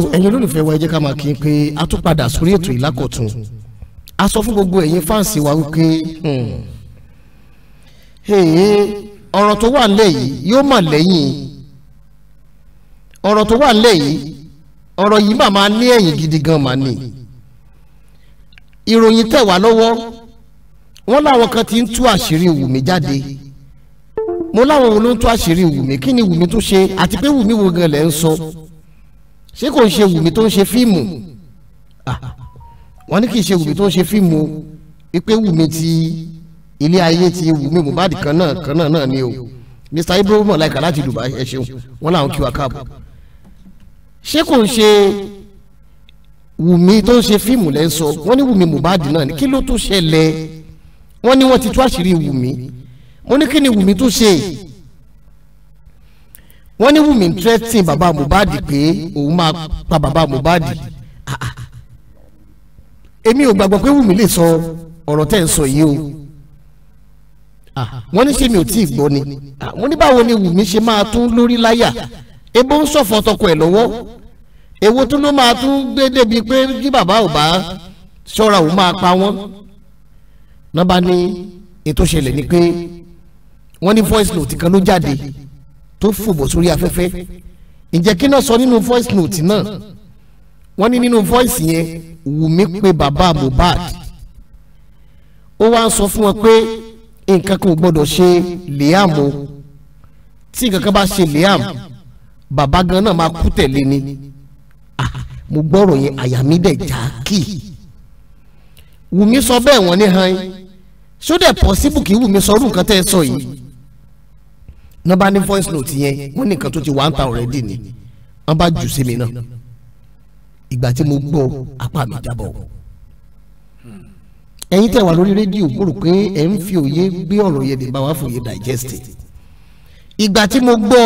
so ẹ̀yin olólùfẹ́ wa ẹ jẹ́ ká máa kí n pé a tún padà sórí ètò ìlákọ̀tún a sọ fún gbogbo ẹ̀yin fáǹsì wa wípé hmm, ọ̀rọ̀ tó wà nílẹ̀ yìí yóò mà lẹ́yìn ọ̀rọ̀ tó wà nílẹ̀ yìí ọ̀rọ̀ yìí mà máa ní ẹ̀yìn gidi gan mà ní ìròyìn tẹ̀ wá lọ́wọ́ wọ́n láwọn kan ti ń tú àṣírí Wùmí jáde mo láwọn wo ló ń tú àṣírí Wùmí kí ni Wùmí tó ṣe àti pé Wùmí wo gan lẹ́ ń sọ. So ṣé kò ń ṣe wùmí tó ń ṣe fíìmù ah, wọ́n ní kì í ṣe wùmí tó ń ṣe fíìmù wípé wùmí ti ilé ayé ti wùmí Mohbad kan náà kan náà náà ni o Mr Ibrahim ọláìka láti Dubai ẹ ṣeun wọ́n làwọn kí wa káàbọ̀ ṣé kò ń ṣe wùmí tó ń ṣe fíìmù lẹ́ ń sọ wọ́n ní wùmí Mohbad náà ni kí ló tó ṣẹlẹ̀ wọ́n ní wọ́n ti tú àṣírí wùmí mo ní kí ni wùmí tó ṣe yìí wọ́n ní Wùmí tírẹ́tìn bàbá Mohbad pé òun máa pa bàbá Mohbad èmi ò gbàgbọ́ pé Wùmí lè sọ ọ̀rọ̀ tẹ́ ń sọ yìí o ah, wọ́n ní ṣé mi ò tí ì gbọ́ ni ah, wọ́n ní báwo ni Wùmí ṣe máa tún lórí láyà ebó ń ṣọ̀fọ̀ tọkọ ẹ̀ lọ́wọ́ èwo tún ló máa tún gbé débi pé kí bàbá ò bá ṣọ́ra òun máa pa wọ́n náà ní ètò ṣẹlẹ̀ ni pé wọ́n ní voice note kan ló jáde tó fòbò sórí afẹ́fẹ́ ǹjẹ́ kí náà sọ nínú voice note náà wọ́n ní nínú voice yẹn Wùmí pe bàbá Mohbad ó wá ń sọ fún wọn pé nǹkan kan ò gbọ́dọ̀ ṣe Liam o tí nǹkan kan bá ṣe Liam bàbá gan náà máa kú tẹ̀lé ni ah, mo gbọ́rọ̀ yẹn àyà mi dẹ̀ já kì í Wùmí sọ bẹ́ẹ̀ wọ́n ní han ṣó dẹ̀ possible kí Wùmí sọ irú nǹkan tẹ́ ẹ sọ yìí wọ́n bá ní voice note yẹn wọ́n ní tó ti wà ń ta already ni wọ́n bá jù sí mi náà ìgbà tí mo gbọ́ apá mi jábọ̀ ẹ̀yin tẹ́ wà lórí rédíò mo rò pé ẹ̀ ń fi òye gbé ọ̀rọ̀ yẹn lè bá wa fòye digest ìgbà tí mo gbọ́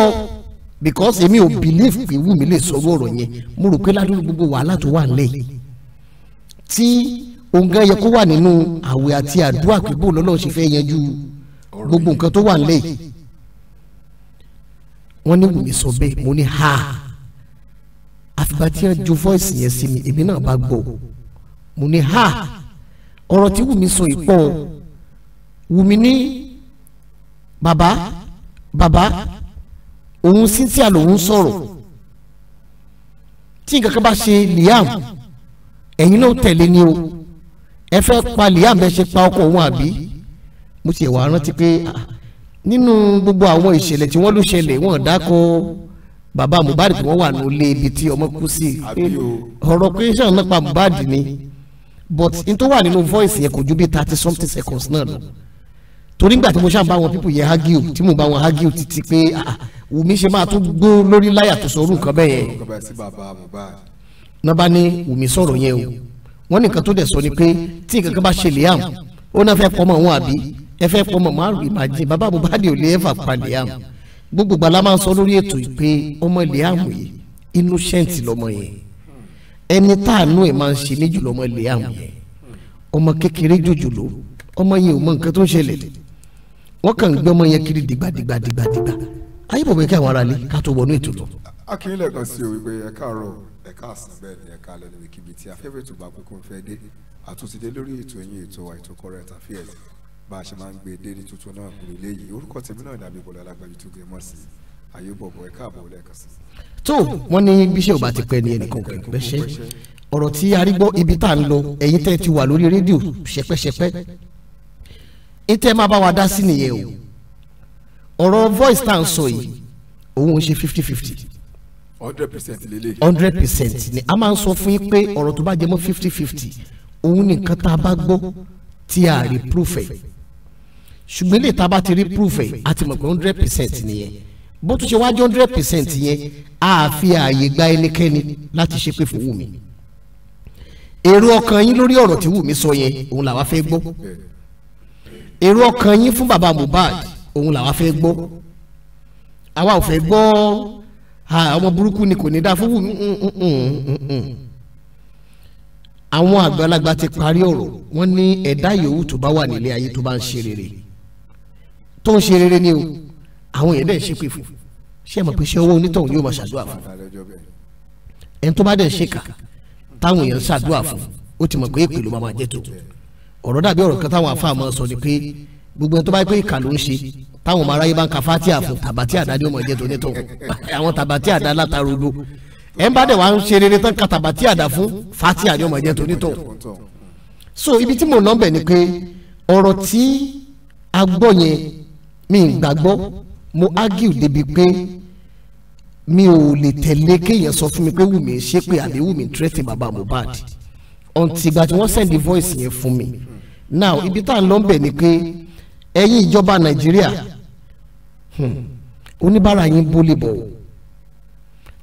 because èmi ò believe pé Wùmí lè sọ̀rọ̀ ọ̀rọ̀ yẹn mo rò pé ládùúgbò gbogbo wàhálà tó wà nílẹ̀ tí òǹgá yẹ kó wà nínú àwẹ̀ àti àdúrà pé bó lọ́lọ́ ṣe gbogbo nǹkan tó wà nílẹ̀ yìí wọ́n ní wùmí sọ bẹ́ẹ̀ mo ní ha àfìgbà tí wọ́n ju voice yẹn sí mi èmi náà bá gbọ́ mo ní ha ọ̀rọ̀ tí wùmí sọ yìí pọ̀ wùmí ní bàbá bàbá òun cynthia lòun sọ̀rọ̀ tí nǹkan kan bá ṣe liam ẹ̀yin náà tẹ̀lé ni o ẹ fẹ́ pa liam bẹ́ẹ̀ ṣe pa ọkọ òun àbí mo ti wà rántí pé ah nínú gbogbo àwọn ìṣẹ̀lẹ̀ tí wọ́n ló ṣẹlẹ̀ wọ́n dákọ̀ bàbá Mohbad tí wọ́n wà nílé ibi tí ọmọ kú sí ọ̀rọ̀ question nípa Mohbad ni but n tó wà nínú voice yẹn kò ju bí thirty something seconds náà lọ torí nígbà tí mo ṣáà bá wọn people yẹn hagiu tí mo bá wọn hagiu títí pé ah, ah, Wùmí ṣe máa tún gbó lórí láyà tó sọ orú nǹkan bẹ́ẹ̀ yẹn náà bá ní Wùmí sọ̀rọ̀ yẹn o wọ́n ní nǹkan tó dẹ̀ sọ ni pé tí nǹkan kan bá ṣe lè hàn ó náà fẹ́ pọ́ mọ́ òun àbí ẹ fẹ́ fọmọ márùn ìbàjẹ́ bàbá Mohbad ò lè fà pa Liam gbogbo gbala máa ń sọ lórí ètò ìpè ọmọ Liam yìí innocent lọmọ yẹn ẹni táànú ẹ máa ń ṣe ní jùlọ ọmọ Liam yẹn ọmọ kékeré jòjòló ọmọ yẹn ò mọ nǹkan tó ń ṣẹlẹ̀ wọ́n kàn ń gbé ọmọ yẹn kiri dìgbàdìgbàdìgbà ayé bọ̀ bẹ́ẹ̀ kí àwọn ará lé ká tó dé lórí ètò yín ètò wa ètò bá a ṣe máa ń gbé dé ní tuntun náà kò lè léyìí orúkọ tèmi náà dàbí bọ́lá alágbàbí tó gé mọ́ sí àyébọ̀bọ̀ ẹ̀ka àbọ̀ lẹ́ẹ̀kan sí. tó wọn ní bíṣẹ́ ò bá ti pẹ́ ni ẹnìkan kò gbẹ́sẹ̀ ọ̀rọ̀ tí arígbọ́ ibi tá à ń lọ ẹ̀yin tẹ́ ti wà lórí rédíò ṣẹpẹ́ṣẹpẹ́ ètè máa bá wa dá sí nìyẹn o ọ̀rọ̀ voice tá à ń sọ yìí òun ṣe fifty fifty hundred percent lele hundred percent ni a máa ń sọ fún yín pé ọ̀rọ̀ tó bá jẹ mọ́ fifty fifty òun nìkan tá a bá gbọ́ tí a rí proof ẹ̀ ṣùgbọ́n lè ta bá ti rí proof ẹ̀ a mọ̀ pé hundred percent nìyẹn bó tún ṣe wájú hundred percent yẹn a fi ààyè gba ẹnikẹ́ni láti ṣépè fún Wùmí èrò ọkàn yín lórí ọ̀rọ̀ tí Wùmí sọ yẹn òun làwa fẹ́ gbọ́ èrò ọkàn yín fún baba Mohbad òun làwa fẹ́ gbọ́ àwa ò fẹ́ gbọ́ ọmọ burúkú ni kò ní dáa fún Wùmí mm, mm, mm, àwọn àgbàlagbà ti parí ọ̀rọ̀ wọ́n ní ẹ̀dá yòówù tó bá wà nílé ayé tó bá ń ṣe rere tó ń ṣe rere ni o àwọn èèyàn dẹ̀ ń ṣépè fún ṣé ẹ mọ̀ pé ṣé owó onítọ̀hún yóò máa ṣàdúrà fún ẹni tó bá dẹ̀ ṣèkà táwọn èèyàn ṣàdúrà fún ó ti mọ̀ pé èpè ló máa jẹ́ tó ọ̀rọ̀ dàbí ọ̀rọ̀ kan táwọn afáàmọ́ sọ ni pé gbogbo ẹni tó bá pé ìkà ló ń ṣe táwọn ọmọ aráyé bá ń ka fatia fún tàbátí àdá ni ó máa jẹ́ tó onítọ̀hún àwọn tàbátí àdá látara so ibi tí mo ni pé ọ̀rọ̀ tí mi gbàgbọ́ mo argue débi pé mi ò lè tẹ̀lé kéèyàn sọ fún mi pé Wùmí ń ṣépè àbí Wùmí tírẹ́tì bàbá Mohbad until ìgbà tí wọ́n send the voice yẹn fún mi now ibi tá à ń lọ bẹ̀ ni pé ẹ̀yin ìjọba Nàìjíríà hmm, oníbàárà yín bólè bọ̀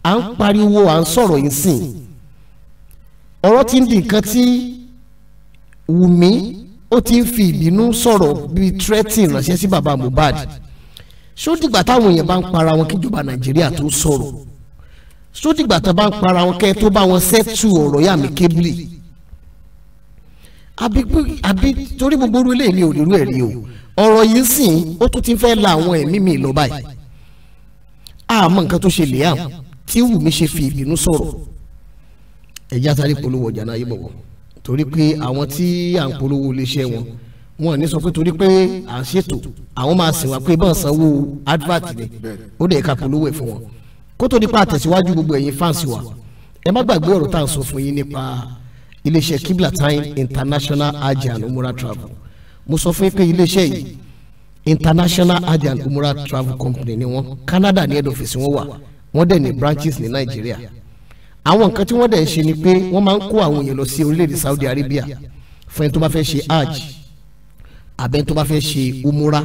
à ń pariwo à ń sọ̀rọ̀ yín sìn ọ̀rọ̀ ti ń di nǹkan tí Wùmí ó ti ń fi ìbínú sọ̀rọ̀ bíi threatening ránṣẹ́ sí baba Mohbad ṣó dìgbà táwọn èèyàn bá ń para wọn kíjọba Nàìjíríà tó sọ̀rọ̀ ṣó dìgbà tó bá ń para wọn kẹ́ tó bá wọn sẹ́tù ọ̀rọ̀ yà mí kébìlì àbí torí gbogbo orú eléyìí mi ò lérú ẹ̀ rí o ọ̀rọ̀ yìí sìn ó tún ti fẹ́ la àwọn ẹ̀mí mi lọ báyìí àmọ́ nǹkan tó ṣe lèyàn tí Wùmí ṣe fi ìbínú sọ̀rọ̀ ẹ̀já sáré polówó ọjà náà yé bọ̀wọ̀ torí pé àwọn tí à ń polówó iléeṣẹ́ wọn wọn ní sọ pé torí pé à ń ṣètò àwọn máa sìn wá pé bọ́ọ̀ sanwó advert ni ó dẹ̀ ká polówó ẹ̀ fún wọn kó tó nípa àtẹ̀síwájú gbogbo ẹ̀yin fáǹsì wa ẹ má gbàgbé ọ̀rọ̀ tá à ń sọ fún yín nípa iléeṣẹ́ Kiblatin International Hajj umura Travel mo sọ fún yín pé iléeṣẹ́ yìí International Hajj umura Travel Company ni wọ́n Canada ní head office wọn wà wọ́n dẹ̀ ní branches ní Nàìjíríà àwọn nǹkan tí wọ́n dẹ̀ ṣe ni pé wọ́n máa ń kó àwọn èèyàn lọ sí orílẹ̀-èdè Saudi Arabia fún ẹni tó bá fẹ́ ṣe hajj àbẹ́ni tó bá fẹ́ ṣe umura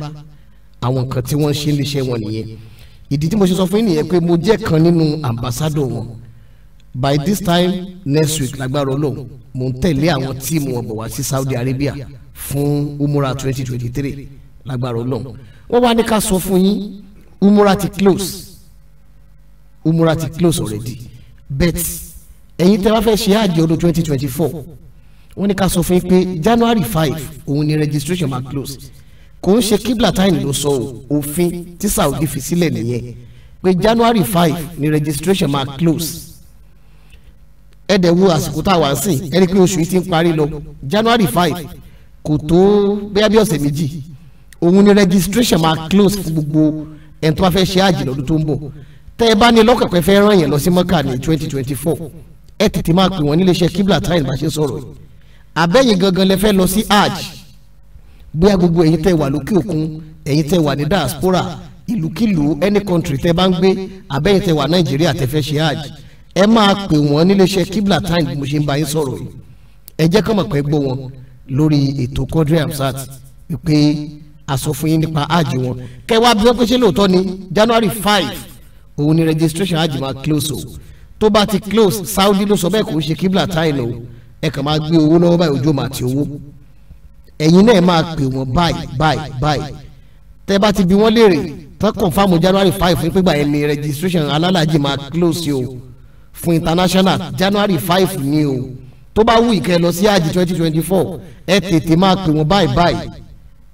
àwọn nǹkan tí wọ́n ṣe ń wọn nìyẹn ìdí tí mo ṣe sọ fún yín nìyẹn pé mo jẹ́ kan nínú ambassador wọn by this time next week lágbára Ọlọ́run mo ń tẹ̀lé àwọn tíìmù wọn wá sí Saudi Arabia fún umura 2023, twenty three lágbára Ọlọ́run wọ́n wá ní ká sọ fún yín umura ti close umura ti close already bet ẹ̀yin tẹ́ bá fẹ́ ṣe àjẹ́ ọdún twenty twenty four wọ́n ní ká sọ fún yín pé january five òun ni registration máa close kò ń ṣe kiblatain ló sọ òfin tí saudi fi sílẹ̀ nìyẹn pé january five ni registration máa close ẹ̀dẹ̀ wo àsìkò tá a wà sí ẹni pé oṣù yìí ti ń parí lọ january five kò tó bẹ́ẹ̀ bí ọ̀sẹ̀ méjì òun ni registration máa close fún gbogbo ẹni bá fẹ́ ṣe àjẹ́ lọ́dún tó ń bọ̀ tẹ́ ẹ bá ní lọ́kàpẹ́ fẹ́ ràn yẹn lọ sí mọ́kà ní twenty twenty four ẹ tètè máa pè wọ́n nílé iṣẹ́ kíbla time bá ṣe sọ̀rọ̀ àbẹ́yìn gangan lẹ fẹ́ lọ sí hajj bóyá gbogbo ẹ̀yin tẹ́ wà lókè òkun ẹ̀yin tẹ́ wà ní diaspora ìlúkìlú any country tẹ́ bá ń gbé àbẹ́yìn tẹ́ wà nàìjíríà tẹ́ fẹ́ ṣe hajj ẹ máa pè wọ́n nílé iṣẹ́ kíbla time bí mo ṣe ń bá yín sọ̀rọ̀ yìí ẹ jẹ́ kọ́ mọ̀ pé gbọ́ wọn lórí ètò Quadri Hamzat wípé a sọ fún yín nípa hajj wọn kẹ́ bí wọ́n pé lóòótọ́ ni January five òun ni registration hajj máa close o tó bá ti close saudi ló sọ bẹ́ẹ̀ kò ń ṣe kíbla táìlì o ẹ kàn máa gbé owó lọ́wọ́ báyìí ojú màá ti owó ẹ̀yin náà máa pè wọ́n báyìí báyìí báyìí tẹ́ bá ti bi wọ́n léèrè tán confam january five fún pípa ẹni registration alálàjì máa close o fún international january five ni o tó bá wù ìkẹ́ lọ sí hajj twenty twenty four ẹ tètè máa pè wọ́n báyìí báyìí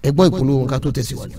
ẹ gbọ́ ìpolówó nǹkan tó tẹ̀síwájú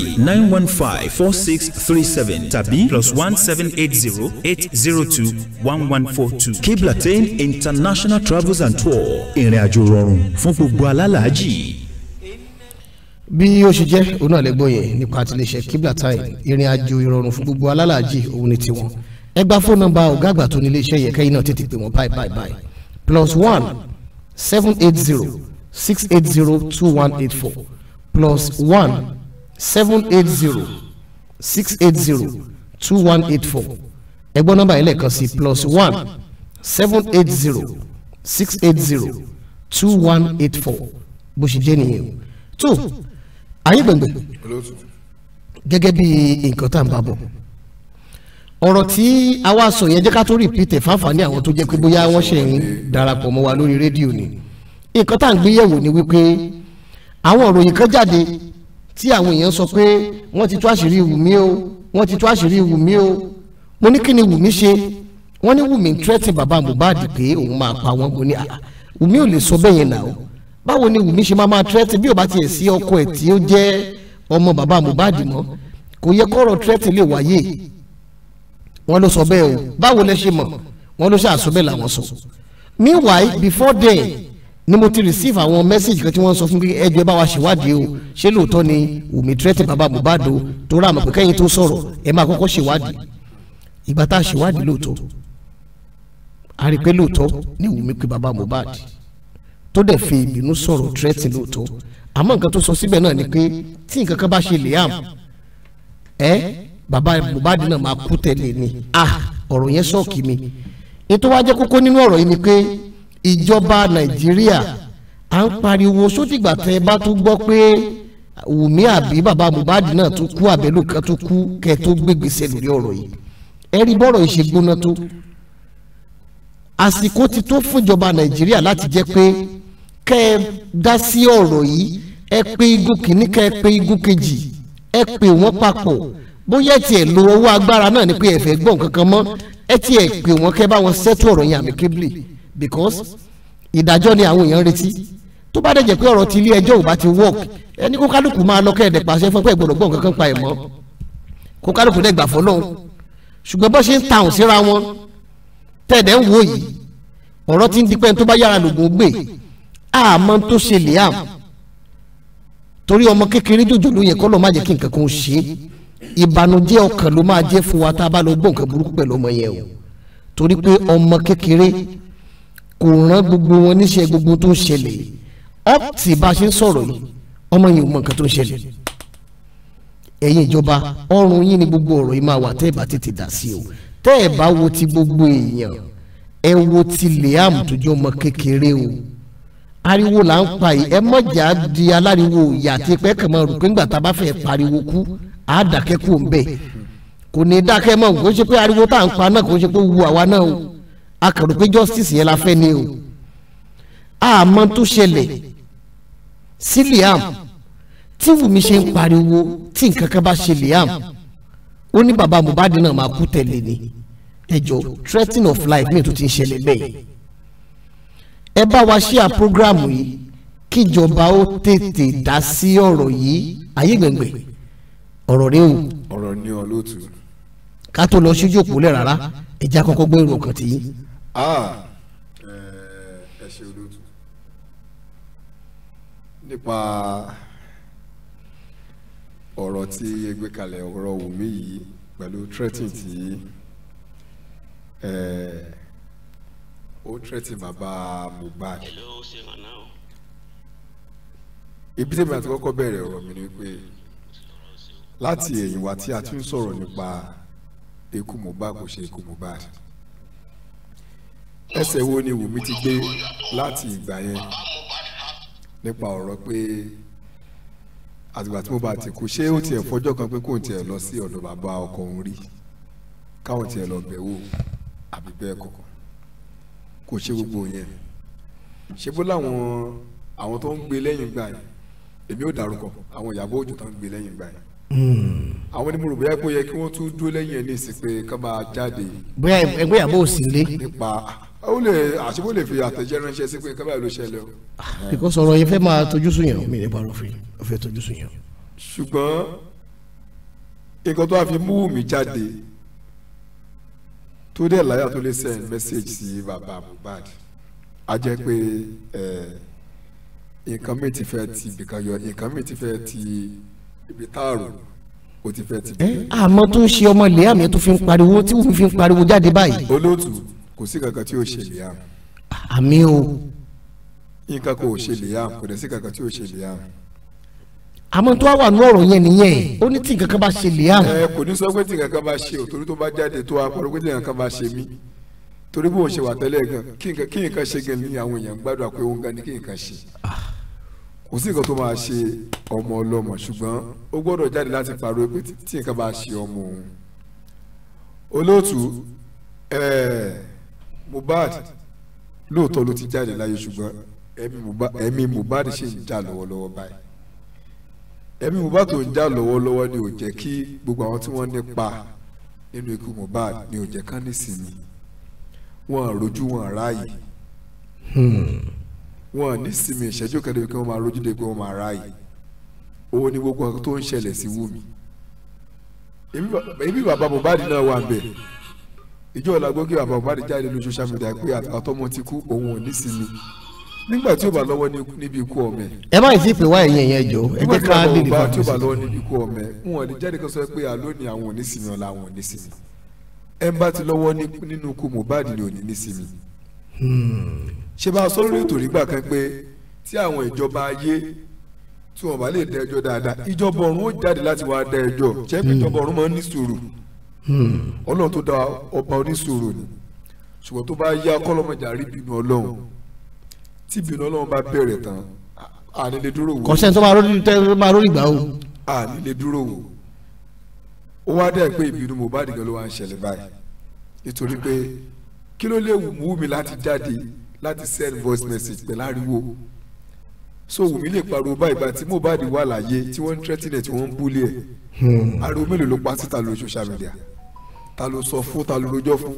three nine one five four six three seven tàbí plus one seven eight zero eight zero two one one four two. Kiblatain International Travels and Tour ìrìn àjò rọrùn fún gbogbo alálàájì. bí ó ṣe jẹ́ òun náà lè gbọ́ yẹn nípa àtiléṣe Kiblatain ìrìn àjò ìrọ̀rùn fún gbogbo alálàájì òun ni tiwọn ẹ gba fóònù nọ́mbà ọ̀gá àgbà tó ní iléeṣẹ́ yẹn kẹ́yìn náà tètè pè wọ́n báyìí báyìí báyìí plus one seven eight zero six eight zero two one eight four plus one seven eight zero six eight zero two one eight four ẹgbọ́n nọ́mbà yẹn lẹ́ẹ̀kan sí plus one seven eight zero six eight zero two one eight four bó ṣe jẹ́ nìyẹn o two ayé gbẹ̀ngbẹ̀ gẹ́gẹ́ bí nǹkan tá à ń bá bọ̀ ọ̀rọ̀ tí a wá sọ yẹn jẹ́ ká tó repeat ẹ̀ fáfàní àwọn tó jẹ́ pé bóyá wọ́n ṣe ń darapọ̀ mọ́ wa lórí rédíò ni nǹkan tá à ń gbé yẹ̀wò ni wípé àwọn òròyìn kan jáde tí àwọn èèyàn sọ pé wọ́n ti tú àṣírí Wùmí o wọ́n ti tú àṣírí Wùmí o mo ní kí ni Wùmí ṣe wọ́n ní Wùmí tírẹ́tì bàbá Mohbad pé òun máa pa wọ́n mo ní à ah, Wùmí ò lè sọ bẹ́ẹ̀ yẹn nà o báwo ni Wùmí ṣe máa máa tírẹ́tì bí ò bá tiẹ̀ sí ọkọ ẹ̀ tí ó jẹ́ ọmọ bàbá Mohbad mọ́ kò yẹ kọ́rọ̀ tírẹ́tì lè wáyé wọ́n ló sọ bẹ́ẹ̀ o báwo lẹ ṣe mọ̀ wọ́n ló ṣàṣọ bẹ́ẹ̀ làwọn sọ meanwhile before then ni mo ti receive àwọn message kan tí wọ́n sọ fún mi pé ẹjọ́ ẹ bá wa ṣèwádìí o ṣé lóòótọ́ ni Wùmí tírẹ́tì bàbá Mohbad o tó rà mọ̀ pé kẹ́yìn tó sọ̀rọ̀ ẹ máa kọ́kọ́ ṣèwádìí ìgbà tá a ṣèwádìí lóòótọ́ a rí i pé lóòótọ́ ni Wùmí pé bàbá Mohbad tó dẹ̀ fi ìbínú sọ̀rọ̀ tírẹ́tì lóòótọ́ àmọ́ nǹkan tó sọ síbẹ̀ náà ni pé tí nǹkan kan bá ṣe Liam ẹ bàbá Mohbad náà máa kú tẹ̀lé ni ah ọ̀rọ̀ yẹn sọ̀kì mi ètò wa ìjọba nàìjíríà à ń pariwo sótìgbà tẹ ẹ bá tún gbọ́ pé wùmí àbí bàbá Mohbad náà tún kú àbẹ́lò kan tún kú kẹ́ ẹ tó gbégbèsè lórí ọ̀rọ̀ yìí ẹ rí bọ́rọ̀ yìí ṣe gbóná tó àsìkò ti tó fúnjọba nàìjíríà láti jẹ́ pé kẹ́ ẹ dá sí ọ̀rọ̀ yìí ẹ pé igun kìíní kẹ́ ẹ pé igun kejì ẹ pè wọ́n papọ̀ bóyá ẹ tiẹ̀ lo owó agbára náà ni pé ẹ fẹ́ gbọ́ mọ́ ẹ tiẹ̀ pè wọ́n kẹ́ bá wọn sẹ́tù ọ̀rọ̀ yẹn àmì kébìlì because ìdájọ́ ni àwọn èèyàn retí tó bá dẹ̀jẹ̀ pé ọ̀rọ̀ ti ilé ẹjọ́ ò bá ti work ẹni kó kálukú máa lọ kẹ́ẹ̀dẹ̀ pàṣẹ fún pé ìgbọ̀dọ̀ gbọ̀n kankan pa ẹ̀ mọ́ kó kálukú dẹ̀ gbà fọ́ lọ́hùn ṣùgbọ́n bó ṣe ń tàùn síra wọn tẹ̀dẹ̀ ń wò yìí ọ̀rọ̀ ti ń di pẹ́ni tó bá yára lògùn gbè àmọ́ tó ṣe Liam torí ọmọ kékeré jòjòló yẹ kọ́ ló má jẹ́ kí nǹkan kan ṣe ìbànújẹ́ ọkàn ló máa jẹ́ fún wa tá a bá lọ gbọ́ nǹkan burúkú pẹ̀lú ọmọ yẹn o torí pé ọmọ kékeré kò rán gbogbo wọn níṣẹ́ gbogbo tó ṣẹlẹ̀ up tí bá a ṣe ń sọ̀rọ̀ yìí ọmọ yìí ò mọ nǹkan tó ń ṣẹlẹ̀ ẹ̀yin ìjọba ọrùn yín ni gbogbo ọ̀rọ̀ yìí máa wà tẹ́ ẹ̀ bá tètè dá sí o tẹ́ ẹ̀ bá wo ti gbogbo èèyàn ẹ wo ti Liam tó jẹ́ ọmọ kékeré o ariwo là ń pa yìí ẹ mọ̀jà di aláriwo ìyá àti pẹ́ kàn máa rò pé ńgbà tá a bá fẹ́ pariwo kú á dákẹ́ kú kò ní dákẹ́ mọ́ kò ń ṣe pé ariwo tá à ń pa náà kò ń ṣe pé wu àwa náà o a pé justice yẹn la fẹ́ ni o àmọ́ tó ṣẹlẹ̀ sí Liam tí Wùmí ṣe ń pariwo tí nǹkan kan bá ṣe Liam ó ní bàbá Mohbad náà máa kú tẹ̀lé ni ẹjọ́ threatening of life mi tó ti ń ṣẹlẹ̀ bẹ́ẹ̀ ẹ bá wa ṣíà prógráàmù yìí kíjọba ó tètè dá sí ọ̀rọ̀ yìí ayé gbẹ̀ngbẹ̀ ọ̀rọ̀ rẹ o. ọ̀rọ̀ ni olóòtú. ká tó lọ síjú òpó lẹ̀ rárá ẹja kọ́kọ́ gbé èrò ọkàn tì yín. Ah. Eh, ẹ ṣe olóòtú nípa ọ̀rọ̀ tí ẹ gbé kalẹ̀ ọ̀rọ̀ Wùmí yìí pẹ̀lú threatening tí eh, ó threatening bàbá Mohbad ibi tẹ́mi àti kọ́kọ́ bẹ̀rẹ̀ ọ̀rọ̀ mi ni pé láti ẹ̀yìn wá tí a ti ń sọ̀rọ̀ nípa ikú Mohbad kò ṣe ikú Mohbad ẹsẹ̀ wo ni Wùmí ti gbé láti ìgbà yẹn nípa ọ̀rọ̀ pé àtìgbà tí mo bá ti kú ṣé ó tiẹ̀ fọjọ́ kan pé kò tiẹ̀ lọ sí ọ̀dọ̀ bàbá ọkọ òun rí káwọn tiẹ̀ lọ bẹ̀ wò àbí bẹ́ẹ̀ kọ̀ọ̀kan kò ṣe gbogbo yẹn ṣé bó láwọn àwọn tó ń gbé lẹ́yìn gbà yẹn èmi ò dárúkọ àwọn Ìyábọ̀ Òjó tó ń gbé lẹ́yìn gbà yẹn hmm. àwọn onímọ̀ bóyá kó yẹ kí wọ́n tún dúró lẹ́yìn ẹ̀ ní ìsìn pé ká máa jáde. bóyá ẹgbẹ́ Ìyábọ̀ òsì lé. nípa ó lè o lè fi àtẹ̀jẹ́ ránṣẹ́ sí pé kábàá ló ṣẹlẹ̀ o. because ọ̀rọ̀ yẹn fẹ́ máa tójú sùn yàn mí ní parọ́ fún yín ó fẹ́ tójú sùn yàn. ṣùgbọ́n nǹkan tó a fi mú mi jáde tó dẹ̀ láyà tó lè send message sí bàbá Mohbad a jẹ́ pé nǹkan mi ti fẹ́ ti ibìkan yọ nǹkan mi ti fẹ́ ti ibi táàrù o ti fẹ́ ti. àmọ́ tó ń ṣe ọmọ ilé àmì tó fi ń pariwo tí òun fi ń pariwo jáde báyìí. olóòtú kò sí kankan tí ó ṣe liam. àmì o. nǹkan kò ṣe liam kò dẹ̀ sí kankan tí ó ṣe liam. àmọ́ tó wà ní ọ̀rọ̀ yẹn nìyẹn ó ní tí nǹkan kan bá ṣe liam. ẹ kò ní sọ pé tí nǹkan bá ṣe òtòrí tó bá jáde tó akọrọ pé tí nǹkan bá ṣe mí torí bó ń ṣe wà tẹ́lẹ̀ gan kí nǹkan ṣe gan ni àwọn èèyàn gbádùn àpé òun gan ni kí nǹkan ṣe kò sí nǹkan tó máa ṣe ọmọ ọlọ́mọ ṣùgbọ́n ó gbọ́dọ̀ jáde láti pariwo pé tí nǹkan bá ṣe ọmọ òun olóòtú ẹ̀ẹ́. Mohbad lóòótọ́ ló ti jáde láyé ṣùgbọ́n ẹ̀mí Mohbad ṣì ń jà lọ́wọ́lọ́wọ́ báyìí ẹ̀mí Mohbad tó ń jà lọ́wọ́lọ́wọ́ ni ò jẹ́ kí gbogbo àwọn tí wọ́n nípa nínú ikú Mohbad ni ò jẹ́ kán nísìnyí wọn rojú wọn ráàyè hmm. wọn nísìnyí ìṣẹ́jú kẹ́lẹ́ kí wọ́n máa rojú de pé wọ́n máa ráàyè owó ní gbogbo àwọn tó ń ṣẹlẹ̀ sí Wumi èmi bàbá Mohbad náà wà bẹ́ẹ̀ ìjọ ìlàgbọ́ kí bàbá Mohbad jáde lójú social media pé àtọmọ ti kú òun ò ní sinmi nígbà tí ó bá lọ́wọ́ níbi ikú ọmọ ẹ̀. ẹ má ìsì pé wá ẹ̀yìn ẹ̀yẹ jọ ẹ jẹ́ ká lè nípa tí ó bá lọ́wọ́ níbi ikú ọmọ ẹ̀ wọn ò ní jáde kan sọ pé àlọ́ ni àwọn ò ní sinmi ọ̀la àwọn ò ní sinmi ẹ bá ti lọ́wọ́ nínú ikú Mohbad ni ò ní ní sinmi. ṣé bá a sọ lórí ètò nígbà kan pé tí àwọn ìjọba ayé tí wọn bá lè dá ẹjọ́ dáadáa ìjọba ọ̀run ó jáde láti wá dá ẹjọ́ Hmm. ọlọ́run tó dá ọba oníṣòro ni ṣùgbọ́n tó bá yá kọ́lọ́mọjà rí bínú ọlọ́run tí bínú ọlọ́run bá bẹ̀rẹ̀ tán àní lè dúró wò. kọ́sẹ́ tó máa rórí gbà o. àní lè dúró wò ó wá dẹ́ pé ìbínú Mohbad gan ló wá ń ṣẹlẹ̀ báyìí nítorí pé kí ló lè wù mí láti jáde láti send voice message pẹ̀lú ariwo so wùmí lè pariwo báyìí bá tí Mohbad wà láàyè tí wọ́n ń tẹ́tí rẹ̀ tí wọ́n ń búlẹ̀ ẹ̀ hmm. ariwo mélòó ló pa síta lórí social media ta ló sọ fún ta ló rojọ́ fún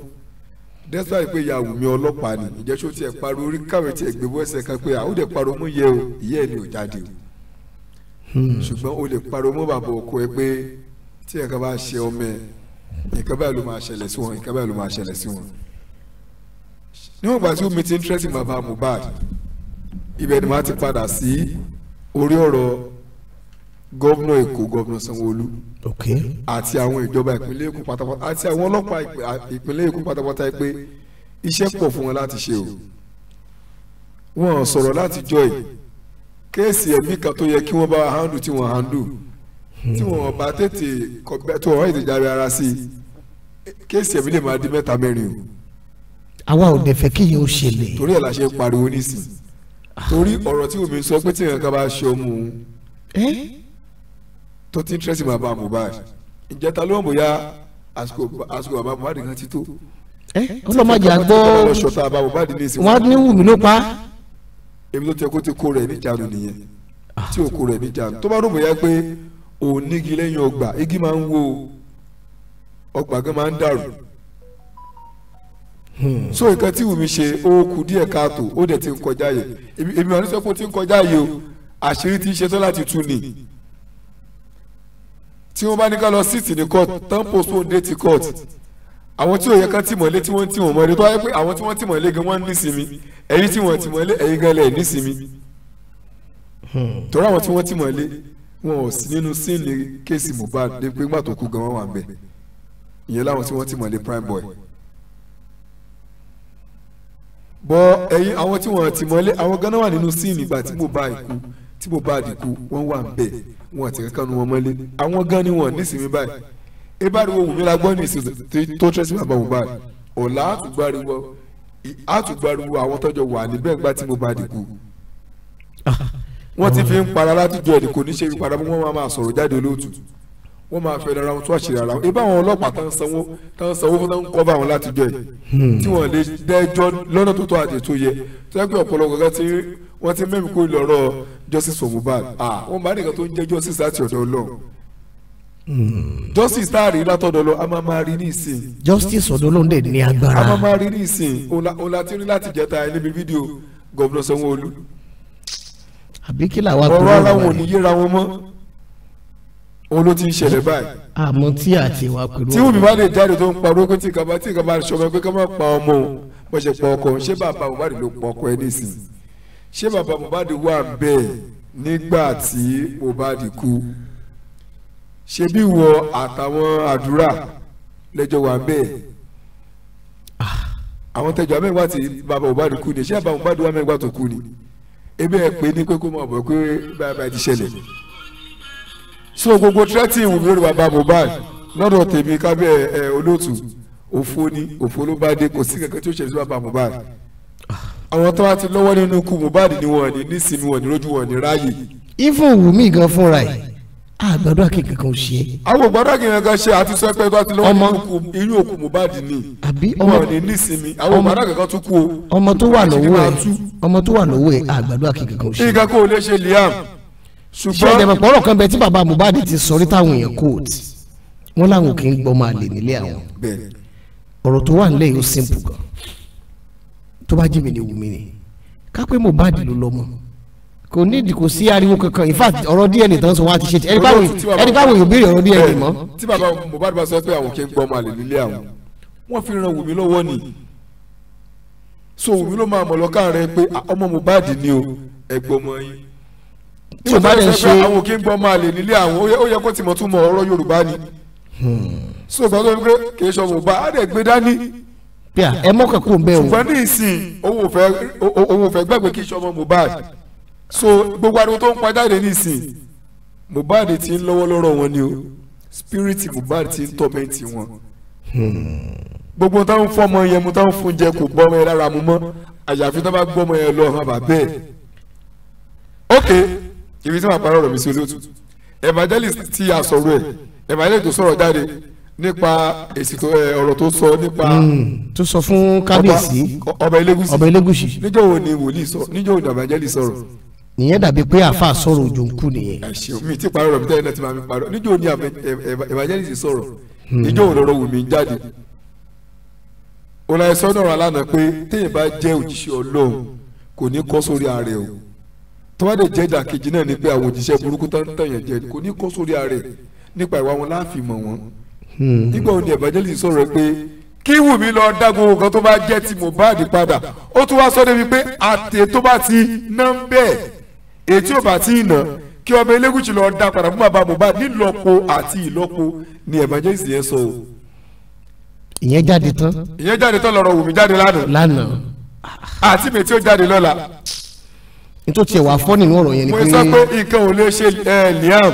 dẹ́sà pé ìyàwó mi ọlọ́pàá ni ìjẹ́ sọ tiẹ̀ pariwo orí káwé tiẹ̀ gbé bọ́ ẹsẹ̀ kan pé àwọn òde pariwo mú yẹ o ìyá ẹ̀ ni ò jáde o hmm. ṣùgbọ́n o lè pariwo mọ́ bàbá ọkọ ẹ pé tí ẹ̀ka bá ṣe ọmọ ẹ̀ nǹkan báyìí ló máa ṣẹlẹ̀ sí wọn nǹkan báyìí ló máa ṣẹlẹ̀ sí wọn. níwọ̀n ìgbà tí omi ti ń tẹ́sí bàbá Mohbad ibẹ̀ ni màá ti padà sí orí ọ̀rọ̀ gómìnà èkó gómìnà sanwóolu àti àwọn ìjọba ìpínlẹ̀ èkó pátápátá àti àwọn ọlọ́pàá ìpínlẹ̀ èkó pátápátá pé iṣẹ́ pọ̀ fún wọn láti ṣe o wọn sọ̀rọ̀ láti jọ yìí kéèsì ẹ̀mí kan tó yẹ kí wọ́n bá handle tí wọ́n handle tí wọ́n bá tètè kọ̀gbẹ́ tó wọ́n ètò jáde ara sí i kéèsì ẹ̀mí lè máa di mẹ́ta mẹ́rin o. àwa ò dẹ̀ fẹ́ kí yẹn ó ṣẹlẹ̀. torí ẹ̀ la ṣe ń pariwo nísìnyí torí ọ̀rọ̀ tí omi sọ pé tí nǹkan bá ṣe ọmọ òun tó ti ń tẹ́sí bàbá Mohbad ìjẹta ló ń bóyá àsìkò bàbá Mohbad kan ti tó. ẹ ọlọmọdé àgbọ wọn ní wùmí ló pa. èmi tó tẹ kó ti kó rẹ níjànú nìyẹn tí ò kó rẹ níjànú tó bá rò bóyá pé òun nígi lẹ́yìn ọgbà igi máa ń wo ọgbà gan máa ń dàrú. so nǹkan tí wùmí ṣe ó kù díẹ̀ káàtó ó dẹ̀ ti ń kọjá yẹ èmi wọn ní sọ ti ń kọjá yẹ o àṣírí ti ń ṣe láti tú ni tí wọ́n bá ní ká lọ sí ìtìní court tán postpone date court àwọn tí ò yẹ kán tì mọ́lé tí wọ́n tì wọ́n mọ́lé tó wáyé pé àwọn tí wọ́n tì mọ́lé gan wọ́n ń nísinmi ẹ̀yin tí wọ́n tì mọ́lé ẹ̀yin gan lẹ̀ nísinmi torí àwọn tí wọ́n tì mọ́lé wọn ò sí nínú síìnì kéèsì Mohbad dé pé gbà tó kú gan wọn wà ń bẹ̀ ìyẹn láwọn tí wọ́n tì mọ́lé prime boy bọ ẹ̀yin àwọn tí wọ́n tì mọ́lé àwọn gan náà wà nínú síìnì ìgbà tí Mohbad kú tí Mohbad kú wọ́n wà ń bẹ̀ wọn ti kankan nu wọn mọ́lé àwọn gan ni wọn nísìnyí báyìí ebariwo wùmí la gbọ́ ní ìsìn tó tẹ́sí bàbá Mohbad ọ̀la àtúgbàriwo àtúgbàriwo àwọn tọ́jọ wà níbẹ̀ gbá tí Mohbad kú wọ́n ti fi ń para látijọ́ ẹ̀dínkù níṣẹ́ ìpadà mọ́ wọn máa sọ̀rọ̀ jáde olóòtú wọ́n máa fẹ́ lọ́ra wọn tó àṣírí ara wọn ebí àwọn ọlọ́pàá tán sanwó tán sanwó fún tán kọ́fà wọn látijọ́ ẹ̀ hmm. tí wọ́n lè dẹ́jọ́ lọ́nà tó tọ́ àti tó yẹ tó yẹ pé ọ̀pọ̀lọpọ̀ kan ti wọ́n ti mẹ́rin kó lọ́rọ̀ justice for ah wọ́n bá nìkan tó ń jẹ́ justice láti ọ̀dọ̀ ọlọ́run hmm. justice tá a rí látọ̀dọ̀ lọ a máa máa rí ní ìsìn. justice ọ̀dọ̀ ló ń dẹ̀ ní agbára. a máa máa rí ní ìsìn òun láti rí láti jẹta ẹni bí fídíò gọ́vùnà Sanwó-Olú. àbí kí làwa tó lọ́wọ́ rẹ̀ ọ̀rọ̀ ara wọn ò ní yéra wọn mọ́ òun ló ti ń ṣẹlẹ̀ báyìí. àmọ́ tí àti ìwà pẹ̀lú. tí wùmí bá lè jáde tó ń parọ́ pé tí ìkàbá tí ìkàbá sọ pé ká má pa ọmọ òun bó ṣe ọkọ ṣé bàbá Mohbad ló pa ọkọ ẹ nísìnyí ṣé bàbá Mohbad wà ń bẹ̀ nígbà tí Mohbad kú ṣebí wọ àtàwọn àdúrà lẹ́jọ́ wà ń bẹ̀ àwọn tẹjọ amẹ́gbà tí bàbá Mohbad kú ni ṣé bàbá Mohbad wà mẹ́gbà tó kú ni ebi ẹ pé ní pé kó mọ̀ bọ̀ pé bàbá ti ṣẹlẹ̀ so gbogbo tírẹ́tì ìwúlò lórí bàbá Mohbad lọ́dọ̀ tèmi kábẹ́ ẹ olóòtú òfo ni òfo ló bá dé kò sí kankan tí ó ṣẹlẹ̀ sí bàbá Mohbad àwọn tó bá ti lọ́wọ́ nínú ikú Mohbad ni wọ́n ní nísìnyí wọ́n ní lójú wọ́n ní ráàyè. ifo wù mí gan fúnra ẹ̀ àgbàdo akéèké kan ò ṣe é. àwọn ògbàdo akéèké kan ṣe àti sọ pé tó bá ti lọ́wọ́ inú òkú Mohbad ni wọ́n ní nísìnyí àwọn ògbàdo akéèké tún kú o. ọmọ tó wà lọ́wọ́ ẹ̀ ọmọ tó wà lọ́wọ́ ẹ̀ àgbàdo akéèké kan ṣe ìkàkọ́ ò lè ṣe Liam. ṣe ìdẹ̀mọ̀ pọ̀rọ̀ kan bẹ tí bàbá Mohbad ti sọ rí táwọn èèyàn kóòtù wọn làwọn kì í gbọ́ máa lè nílé àwọn ọ̀rọ̀ tó wà nílẹ̀ yóò simple gan tó bá jẹ́ mi ni Wùmí ni kápẹ́ Mohbad ló lọ́mọ kò nídìí kò sí ariwo kankan in fact ọ̀rọ̀ DNA tán sọ wá ti ṣe ti ẹni báwo yóò béèrè ọ̀rọ̀ DNA mọ́. tí bàbá Mohbad bá sọ pé àwọn kí n gbọ́ ọmọ àlè nílé àwọn wọ́n fi ran Wùmí lọ́wọ́ ni so Wùmí ló máa mọ̀ lọ́kàn rẹ pé ọmọ Mohbad ni o ẹ̀gbọ́n mọ́ yín. tí o bá dẹ̀ ṣe àwọn kí n gbọ́ ọmọ àlè nílé àwọn ó yẹ kó tìmọ̀ tún mọ ọ̀rọ̀ Yorùbá ni hmm. so ìgbà tó ń gbé kì í ṣọ pia ẹ mọ́kàn kó n bẹ́ẹ̀ o. ṣùgbọ́n ní ìsìn owó fẹ́ owó fẹ́ gbàgbé kí sọmọ Mohbad so gbogbo ariwo tó ń pa jáde ní ìsìn Mohbad ti ń lọ́wọ́ lọ́rọ̀ wọn ni o spirit Mohbad ti ń tọ́mẹ́ǹtì wọn. gbogbo táwọn fọmọ yẹn mu táwọn fún jẹ kò bọ́ ọmọ yẹn lára mu mọ́ àyàfi tó bá gbọ́ ọmọ yẹn lọ ọmọ bàbá ẹ̀. ok ibi tí màá parọ́ ọ̀rọ̀ mi sí olóòtú evangelist ti àsọ̀rọ̀ ẹ̀ evangelist tó sọ̀rọ̀ jáde nípa èsì ọ̀rọ̀ tó sọ nípa. Hmm. tó sọ fún kábíyèsí ọba elégùsì ọba elégùsì. níjọ́ wo ni wòlíì sọ níjọ́ wo ni àbájáde sọ̀rọ̀. nìyẹn dàbí pé àáfàá sọ̀rọ̀ òjò ń kú nìyẹn. àṣẹ mi ti parọ́ mi tẹ́lẹ̀ náà ti mi parọ́ níjọ́ wo ni àbájáde sọ̀rọ̀ hmm. níjọ́ wo lọ́rọ̀ wù mí jáde. ọ̀la ẹ̀sọ́ náà lánàá pé téèyàn bá jẹ́ òjíṣẹ́ ọlọ́run kò ní kọ́ sórí ààrẹ o tọ́wádé jẹ́ ìdàkejì náà ni pé àwọn òjíṣẹ́ burúkú tán tàn yẹn jẹ kò ní kọ́ sórí ààrẹ nípa ìwà wọn láàfin mọ̀ wọ́n nígbà òun ni evangelist sọ̀rọ̀ pé kí Wùmí lọ dá gbogbo nǹkan tó bá jẹ́ ti Mohbad padà ó tún wá sọ débi pé àtẹ tó bá ti ná ń bẹ́ẹ̀ ètí ò bá ti nà kí ọmọ Elégùṣì lọ dá padà fún bàbá Mohbad nílọ́po àti ìlọ́po ni evangelist yẹn sọ o. ìyẹn jáde tán. ìyẹn jáde tán lọ́rọ̀ Wùmí jáde lánàá. lánàá. àti mi tí ó jáde lọ́la. nítorí tiẹ̀ wà fọ́ nínú ọ̀rọ̀ yẹn ni pé. mo sọ pé nǹkan ò lè ṣe eh, Liam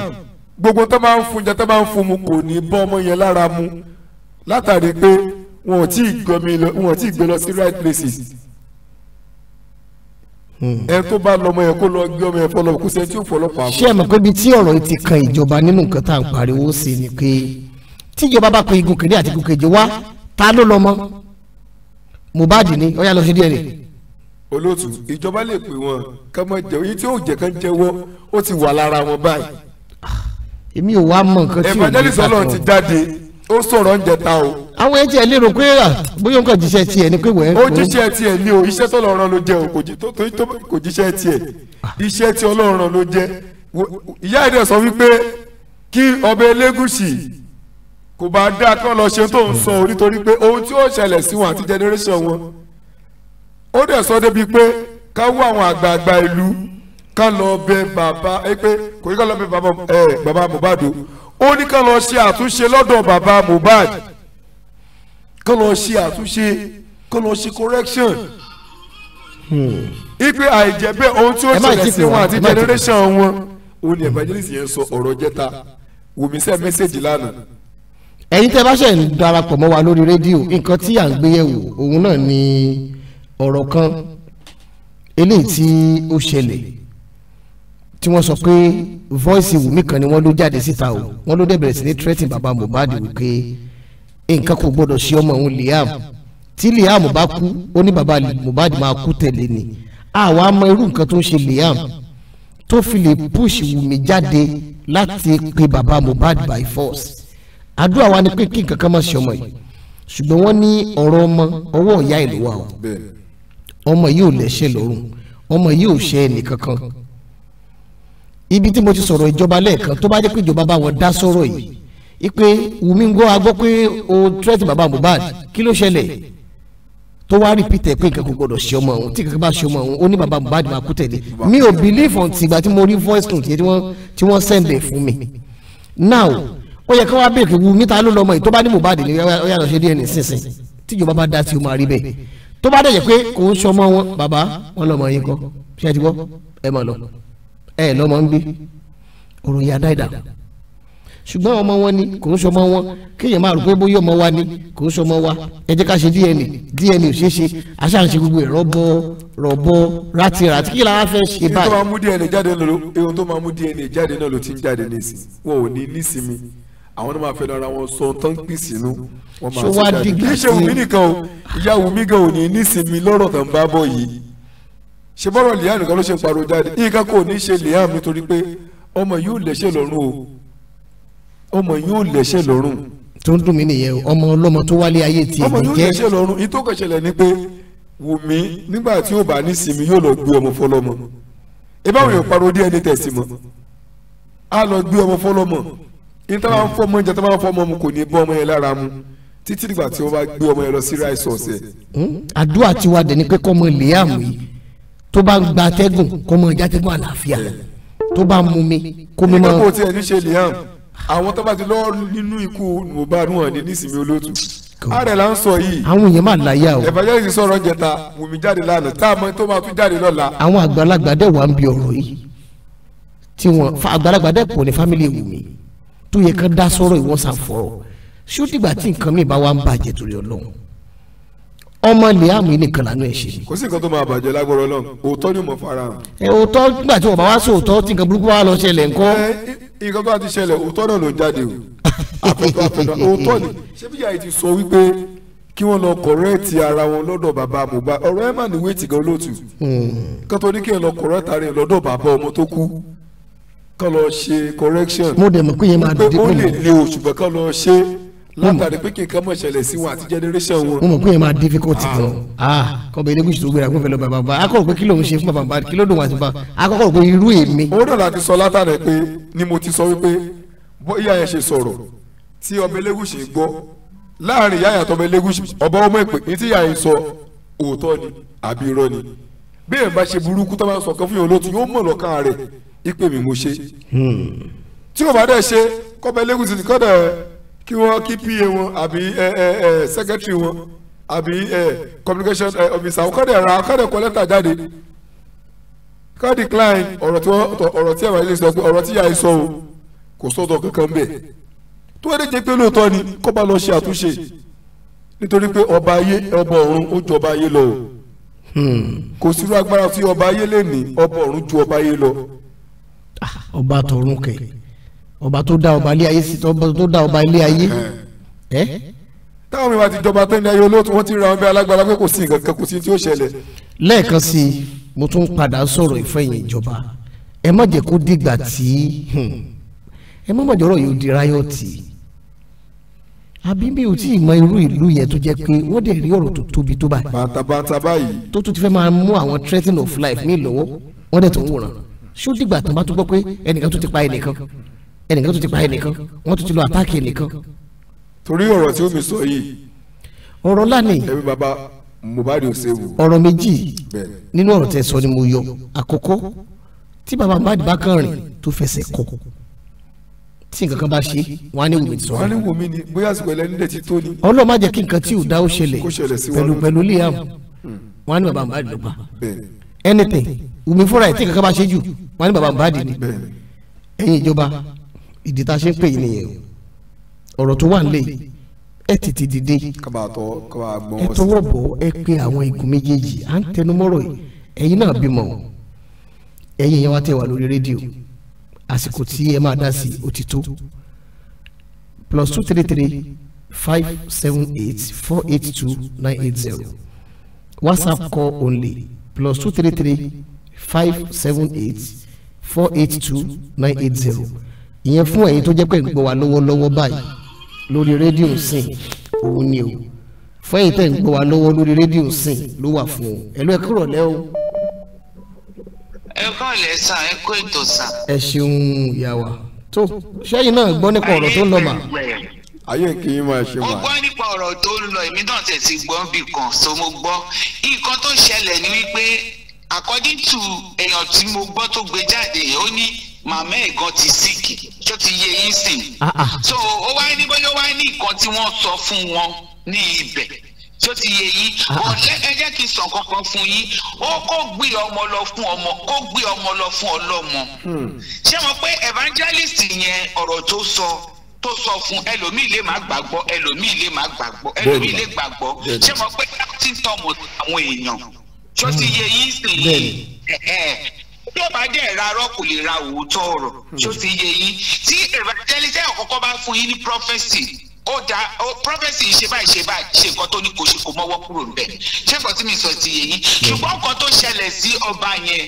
gbogbo tó máa ń fún jẹ tó máa ń fún mu kò ní bọ́ ọmọ yẹn lára mu látàrí pé wọn ò tí ì gbọmi lọ wọn ò tí ì gbé lọ sí right places. Hmm. ẹ tó bá lọmọ yẹn kó lọ gbé ọmọ yẹn fọlọ kó sẹ tí ò fọlọpàá. ṣé ẹ mọ̀ pé bí tí ọ̀rọ̀ yìí ti kan ìjọba nínú nǹkan tá à ń pariwo sí ni pé tíjọba bá pe igun kìnní àti igun kejì wá ta ló lọmọ Mohbad ni ó yá díẹ̀ ni. olóòtú ìjọba lè pè wọn kọ́mọ jẹ́ oyin tí ó jẹ́ kán jẹ́wọ́ ó ti wà lára wọn báyìí èmi ò wá mọ nǹkan tí ò ní ìgbà kan. evangelist Ọlọ́run ti jáde ó sọ̀rọ̀ ń jẹta o. àwọn ẹtì ẹ lérò pé bóyá nǹkan jíṣẹ́ tiẹ̀ ni pé wẹ́ẹ́. ó jíṣẹ́ tiẹ̀ ni o iṣẹ́ tó lọ́ọ́ rán ló jẹ́ o kò jíṣẹ́ tiẹ̀ iṣẹ́ tí Ọlọ́run rán ló jẹ́ ìyá ẹ̀dẹ̀ sọ wípé kí ọbẹ̀ Elégùṣì kò bá dáa kán lọ ṣe tó ń sọ orí torí pé ohun tí ó ṣẹlẹ̀ sí wọn àti generation wọn ó dẹ̀ sọ débi pé ká wá àwọn àgbààgbà ìlú ká lọ bẹ bàbá ẹ pé kò ní ká lọ bẹ bàbá ẹ bàbá Mohbad o ó ní ká lọ ṣe àtúnṣe lọ́dọ̀ bàbá Mohbad ká lọ ṣe àtúnṣe ká lọ ṣe correction hmm. ipe àìjẹ́bẹ́ ohun tí ó ṣẹlẹ̀ sí wọn àti generation wọn ó ní evangelist yẹn sọ ọ̀rọ̀ jẹ́ta wùmí sẹ́ mẹ́sẹ̀gì lánàá. ẹ̀yin tẹ́ bá ṣe ń darapọ̀ mọ́ wa lórí rédíò nǹkan tí à ń gbé yẹ̀wò òun náà ni ọ̀rọ̀ kan eléyìí tí ó ṣẹlẹ̀ tí wọ́n sọ pé voice Wùmí kan ni wọ́n ló jáde síta o wọ́n ló dẹ̀ sí ní threatening baba Mohbad wípé nǹkan kò gbọ́dọ̀ sí ọmọ òun Liam tí Liam bá kú ó ní baba Mohbad máa kú tẹ̀lé ni àwa mọ irú nǹkan tó ń ṣe Liam tó fi lè push Wùmí jáde láti pe baba Mohbad by force àdúrà wa ni pé kí nǹkan kan má ṣe ọmọ yìí ṣùgbọ́n wọ́n ní ọ̀rọ̀ ọmọ ọwọ́ ìyá ìlú wa o ọmọ yìí ò lẹ́ṣẹ̀ lọ́rùn ọmọ yìí ò ṣe ẹnì kankan ibi tí mo ti sọ̀rọ̀ ìjọba lẹ́ẹ̀kan tó bá jẹ́ pé ìjọba bá wọn dá sọ̀rọ̀ yìí ipe Wùmí ń gbọ́ agbọ́ pé o tírẹ́tì bàbá Mohbad kí ló ṣẹlẹ̀ tó wá rìpítẹ̀ pé nǹkan kò gbọdọ̀ ṣe ọmọ òun tí kankan bá ṣe ọmọ òun ó ní bàbá Mohbad máa kú tẹ̀lé mi ò believe on tìgbà tí mo rí voice note tí wọ́n tí wọ́n send ẹ̀ fún mi now ó yẹ ká wá bèèrè Wùmí ta ló lọ́mọ yìí tó bá ní Mohbad ní ó yà lọ ṣe DNA sínsìn tíjọba bá dá sí o máa rí bẹ́ẹ̀ tó bá dẹ̀ jẹ́ pé kò ń ṣọmọ wọn bàbá wọn lọ́mọ yín kọ́ ṣé ẹ ti gbọ́ ẹ máa lọ ẹ lọ́mọ ń bí òròyìn adáìdá ṣùgbọ́n ọmọ wọn ni kò ń sọmọ wọn kéèyàn máa rò pé bóyá ọmọ wa ni kò ń sọmọ wa ẹ jẹ́ ká ṣe DNA DNA ò ṣeé ṣe àṣà ń ṣe gbogbo ẹ̀ rọ́bọ rọ́bọ rátiràtí kí la wá fẹ́ ṣe báyìí. èyí tó máa mú DNA jáde lọ èyí tó máa mú DNA jáde náà ló ti ń jáde nísìnyí wọn ò ní nísìnyí àwọn tó máa fẹ́ lọ́ra wọn sọ tán pín sínú wọn máa ṣe jáde kí ṣe wùmí nìkan o ìyá wùmí gan ò ní nísìnyí lọ́rọ̀ tó bá bọ̀ yìí ṣe bọ́rọ̀ liam nìkan ló ṣe ń pariwo jáde nǹkan kò ní ṣe liam nítorí pé ọmọ yìí ò lẹ́ṣẹ̀ lọ́rùn o ọmọ yìí ò lẹ́ṣẹ̀ lọ́rùn. tó ń dùn mí nìyẹn o ọmọ ọlọ́mọ tó wálé ayé tiẹ̀ nìyẹn. ọmọ yìí ò lẹ́ṣẹ̀ lọ́rùn yìí tó kàn ṣẹlẹ̀ ni pé wùmí nígbà tí ó bá ní sinmi yóò lọ gbé ọmọ fọlọ́mọ ìbá wọn yóò pariwo díẹ̀ ní tẹ̀sí mọ́ a lọ gbé ọmọ fọlọ́mọ títí nígbà tí wọ́n bá gbé ọmọ yẹn lọ sí ráìsọ̀ọ̀sẹ̀. Hmm? àdúrà tiwa dẹ̀ ni pé kọ́mọ Liam yìí tó bá ń gba atẹ́gùn kó mọ jatẹ́gùn àlàáfíà tó bá ń mumi kó mi mọ. ìgbàgbọ́ tí ẹni ṣe liam àwọn tó bá ti lọ́ọ́ nínú ikú Mohbad wọn ní nísìmí olóòtú ààrẹ la ń sọ yìí. àwọn èèyàn máa láyà o. evangelist sọ̀rọ̀ jẹta wùmí jáde lánàá tá a mọ tó máa tún jáde lọ́la. àwọn àgbàlagbà dẹ̀ wà ń bi ọ̀rọ̀ yìí tí wọn àgbàlagbà dẹ̀ pọ̀ ní fámìlì wùmí tó yẹ ká dá sọ̀rọ̀ ìwọ́sàn fọ̀rọ̀ ṣó dìgbà tí nǹkan mi bá wà ń bàjẹ́ torí Ọlọ́run ọmọ liamu yìí nìkan lànà ẹ ṣe. kò sí nǹkan tó máa bàjẹ́ lágbọ́rọ̀ náà òótọ́ ni mo fara hàn. òótọ́ nígbà tí wọ́n bá wá sí òótọ́ tí nǹkan burúkú wá lọ ṣẹlẹ̀ ńkọ́. nǹkan tó bá ti ṣẹlẹ̀ òótọ́ náà ló jáde o àkọ́tọ́ àkọ́tọ́ òótọ́ ni ṣebí ìyá yìí ti sọ wípé kí wọ́n lọ kọ̀rẹ́ẹ̀tì ara wọn lọ́dọ̀ bàbá Mohbad ọ̀rọ̀ ẹ̀ máa ní wéètì gan lóòtù hmm. kátó ní kí ẹ lọ ṣe correction. mo dẹ̀ mọ̀ pé yẹn máa dìde pẹ̀lú. pé ó lè lé oṣù bẹ́ẹ̀ kán lọ ṣe látàrí pé kìkan mọ̀ ṣẹlẹ̀ sí wọn àti generation wọn. mo mọ̀ pé yẹn máa difficult gan ah kọ́bẹ̀ Elégùṣì tó gbéra gbọ́fẹ́ lọ bàbá bá akọ̀rọ̀ pé kí ló ń ṣe fún bàbá bá kí ló dùn wá sí bá akọ̀rọ̀ pé irú èmi. ó dọ̀ láti sọ látàrí pé ni mo ti sọ wípé bóyá yẹn ṣe sọ̀rọ̀ tí ọmọ Elégùṣì gbọ́ láàrin yáyà tọmọ Elégùṣì ọba ọmọ ìpè ní tí yà ń sọ òótọ́ ni àbí irọ́ ni bí ẹ̀ bá ṣe burúkú tó bá sọ kan fún yòó lótú yóò mọ̀ lọ́kàn rẹ̀ ìpè mi mo ṣe hmm. tí kò bá dẹ̀ ṣe kọ́bẹ̀ Elégùṣì kọ́ dẹ̀ kí wọ́n kí pa wọn àbí secretary wọn àbí communication officer ọ̀kadà ẹ̀rọ ọ̀kadà ẹ̀kọ́ lẹ́tà jáde ká decline ọ̀rọ̀ tí ọ̀rọ̀ tí àwọn ilé sọ pé ọ̀rọ̀ tí yà á sọ o kò sọ́dọ̀ kankan bẹ́ẹ̀ tó wẹ́n lè jẹ́ pé lóòótọ́ ni kó bá lọ ṣe àtúnṣe nítorí pé ọba ayé ọba ọ̀run ó ju ọba ayé lọ o hmm. kò sírú agbára tí ọba ayé lè ní ọba ọ̀run ju ọba ayé lọ. Ah, ọba tọ̀run kẹ ọba tó dá ọba ilé ayé ọba tó dá ọba ilé ayé ẹ. Eh? Eh? táwọn ìwà àti ìjọba tẹ́lẹ̀ ayé olóòtú wọ́n ti ra ọbẹ̀ alágbára pé kò sí nǹkan kan kò sí tí ó ṣẹlẹ̀. lẹ́ẹ̀kan sí i mo tún padà sọ̀rọ̀ ìfẹ̀yìn ìjọba ẹ má jẹ́ kó dìgbà tí hmm, ẹ má bàjọ́rọ̀ yóò di ráyọ̀tì àbí mi ò tí ì mọ irú ìlú yẹn tó jẹ́ pé wọ́n dẹ̀ rí ọ̀rọ̀ tó tóbi tó báyìí. bàtàbàtà báyìí. tó tún ti fẹ́ máa mú àwọn threatening of life mi lọ́wọ́ wọ́n dẹ̀ tó ń wòran ṣó dìgbà tó bá tó gbọ́ pé ẹnìkan tó ti pa ẹnìkan ẹnìkan tó ti pa ẹnìkan wọ́n tó ti lọ àtàkì ẹnìkan. torí ọ̀rọ̀ tí ó mi sọ yìí. ọ̀rọ̀ lánìí. ẹbí bàbá Mohbad ò ṣe wò. ọ̀rọ̀ méjì nínú ọ̀rọ̀ tẹ́ sọ ni mo yọ àkọ́kọ́ tí bàbá Mohbad bá kàn rìn tó fẹsẹ̀ kọ tí nǹkan kan bá ṣe wọn á ní wùmí sọ. wọn á ní wùmí ni bóyá àsìkò ẹlẹ́ni dẹ̀ ti tó ni. Ọlọ́run má jẹ́ kí nǹkan tí ò dá ó ṣẹlẹ̀ pẹ̀lú pẹ̀lú Liam hmm. wọn á ní bàbá Mohbad ló pa anything wùmí fúnra ẹ̀ tí nǹkan kan bá ṣe jù wọn á ní bàbá Mohbad ni ẹ̀yin ìjọba ìdí tá a ṣe ń pè yín nìyẹn ọ̀rọ̀ tó wà nílẹ̀ ẹ tètè dìde ẹ tọwọ́ bọ̀ ẹ pé àwọn igun méjèèjì à ń tẹnumọ́rọ̀ yìí ẹ̀yin náà bímọ ẹ̀yin yẹn wá tẹ̀ wá lórí rédíò àsìkò tí ẹ máa dá sí ó ti tó plus two three three five seven eight four eight two nine eight zero whatsapp call only plus two three three five seven eight four eight two nine eight zero ìyẹn fún ẹ̀yin tó jẹ́ pé ń gbọ́ wa lọ́wọ́lọ́wọ́ báyìí lórí rédíò sìn òun ni o fún ẹ̀yin tẹ̀ ń gbọ́ wa lọ́wọ́ lórí rédíò sìn ló wà fún o ẹ̀lú ẹ kúrọ̀ lẹ́ o. ẹ kọ́ ilẹ̀ sàn ẹ kó ètò sàn. ẹ ṣeun ìyá wa tó sẹ́yìn náà gbọ́ nípa ọ̀rọ̀ tó ń lọ mà. ayé kì í máa ṣe mà. mo gbọ́ nípa ọ̀rọ̀ tó ń lọ èmi náà tẹ̀sí gbọ́n bì kan so mo gbọ́ nǹkan tó ṣẹlẹ̀ ni wípé according to èèyàn tí mo gbọ́ tó gbé jáde ó ní màmá ẹ̀ gan ti sick tó ti yé yín sìn ah, ah. so ó wáyé ní bóyá ó wáyé ní nǹkan tí wọ́n sọ fún wọn ní ibẹ̀ tó ti yé yín ah, ọ̀lẹ́ ẹ jẹ́ kí n sàn kankan fún yín ó kó gbé ọmọ lọ fún ọmọ kó gbé ọmọ lọ fún ọlọ́mọ hmm. ṣé mo pé evangelist yẹn ọ̀rọ̀ tó sọ tó sọ fún ẹlòmíì lè má gbàgbọ́ ẹlòmíì lè má gbàgbọ́ ẹlòmíì lè gbàgbọ́ ṣé mo pé láti tọmọ àwọn èèyàn tó ti yé yín sìn yín tí ó bá dẹ̀ ra arọ́ kò lè ra òótọ́ ọ̀rọ̀ tó ti yé yín tí evangelist ọ̀kọ́kọ́ bá fún yín ní prophecy ó da prophecy ṣe báyìí ṣe báyìí ṣe nǹkan tó ní kò ṣe kò mọ́wọ́ kúrò níbẹ̀ ṣé nǹkan tí mi sọ ti yé yín hmm. ṣùgbọ́n nǹkan tó ṣẹlẹ̀ sí ọba yẹn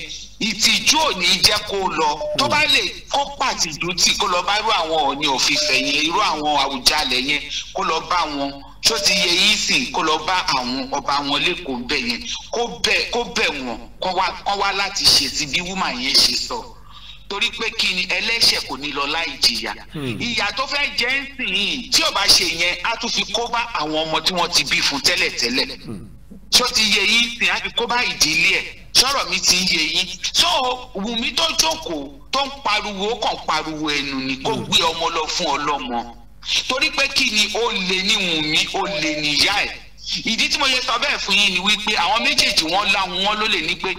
ìtìjú ò ní jẹ́ kó lọ tó bá lè kó pàtìjú tì kó lọ bá irú àwọn Ọọ̀ni òfìfẹ́ yẹn irú àwọn Àwùjalẹ̀ yẹn kó lọ bá wọn tó ti yẹ yìí sì kó lọ bá àwọn ọba wọn lẹ́kọ̀ọ́ bẹ̀ yẹn kó bẹ̀ kó bẹ̀ wọ́n kán wá láti ṣe ti bí wúmà yẹn ṣe sọ torí pé kí ni ẹlẹ́ṣẹ̀ kò ní lọ láì jìyà hmm. ìyà tó fẹ́ jẹ ń sìn yìí tí ò ṣe yẹn á tún fi kó bá àwọn ọmọ tí wọ́n ti bí fún tẹ́lẹ̀tẹ́lẹ̀ tó hmm. ti yẹ yìí sìn á fi kó bá ìdílé ẹ̀ sọ̀rọ̀ mi ti yé yín so Wùmí tó jókòó tó ń pariwo ó kàn pariwo ẹnu ni kó hmm. gbé ọmọ lọ fún ọlọ́mọ torí pé kí ni ó lè ní Wùnmí ó lè níyà ẹ̀ ìdí tí mo yẹ sọ bẹ́ẹ̀ fún yín ni wípé àwọn méjèèjì wọn láwọn wọn ló lè ní pé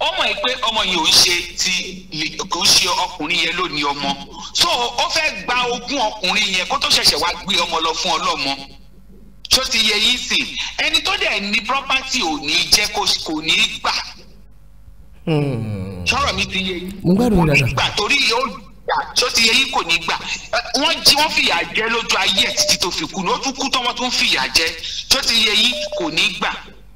ó mọ̀ pé ọmọ yìí ò ń ṣe ti kò ń ṣe ọkùnrin yẹn ló ní ọmọ so ó fẹ́ gba ogún ọkùnrin yẹn kó tó ṣẹ̀ṣẹ̀ wá gbé ọmọ lọ fún ọlọ́mọ tó ti yẹ yín sí ẹni tó dẹ̀ ní property ò ní jẹ́ kò ní gbà sọ̀rọ̀ hmm. mi ti yẹ yín kò ní gbà torí ó gbà tó ti yẹ yín kò ní gbà wọ́n jí wọ́n fìyà jẹ lójú ayé ẹ̀ títí tó fi kú ní ó tún kú tán wọ́n tún fìyà jẹ tó ti yẹ kò ní gbà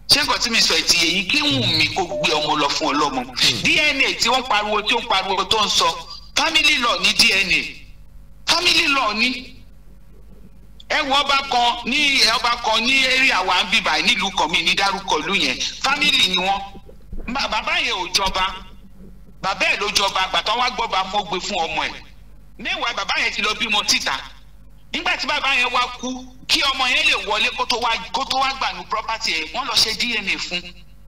ṣé nǹkan tí mi sọ ètí yẹ yín kí Wùnmí kó gbé ọmọ lọ fún ọlọ́mọ hmm. DNA tí wọ́n pariwo tí ó pariwo tó ń sọ family law ní DNA family law ní ẹ wọ ọba kan ní ọba kan ní area wa ń bíbà nílùú kan mi ní dárúkọ ìlú yẹn family ni wọ́n bàbá yẹn ò jọba bàbá ẹ̀ ló jọba àgbàtàn wá gbọ́ba mọ́ gbé fún ọmọ ẹ̀ níwàá bàbá yẹn ti lọ bímọ títa nígbà tí bàbá yẹn wá kú kí ọmọ yẹn lè wọlé kó tó wá kó tó wá gbànú property ẹ̀ wọ́n lọ ṣe DNA fún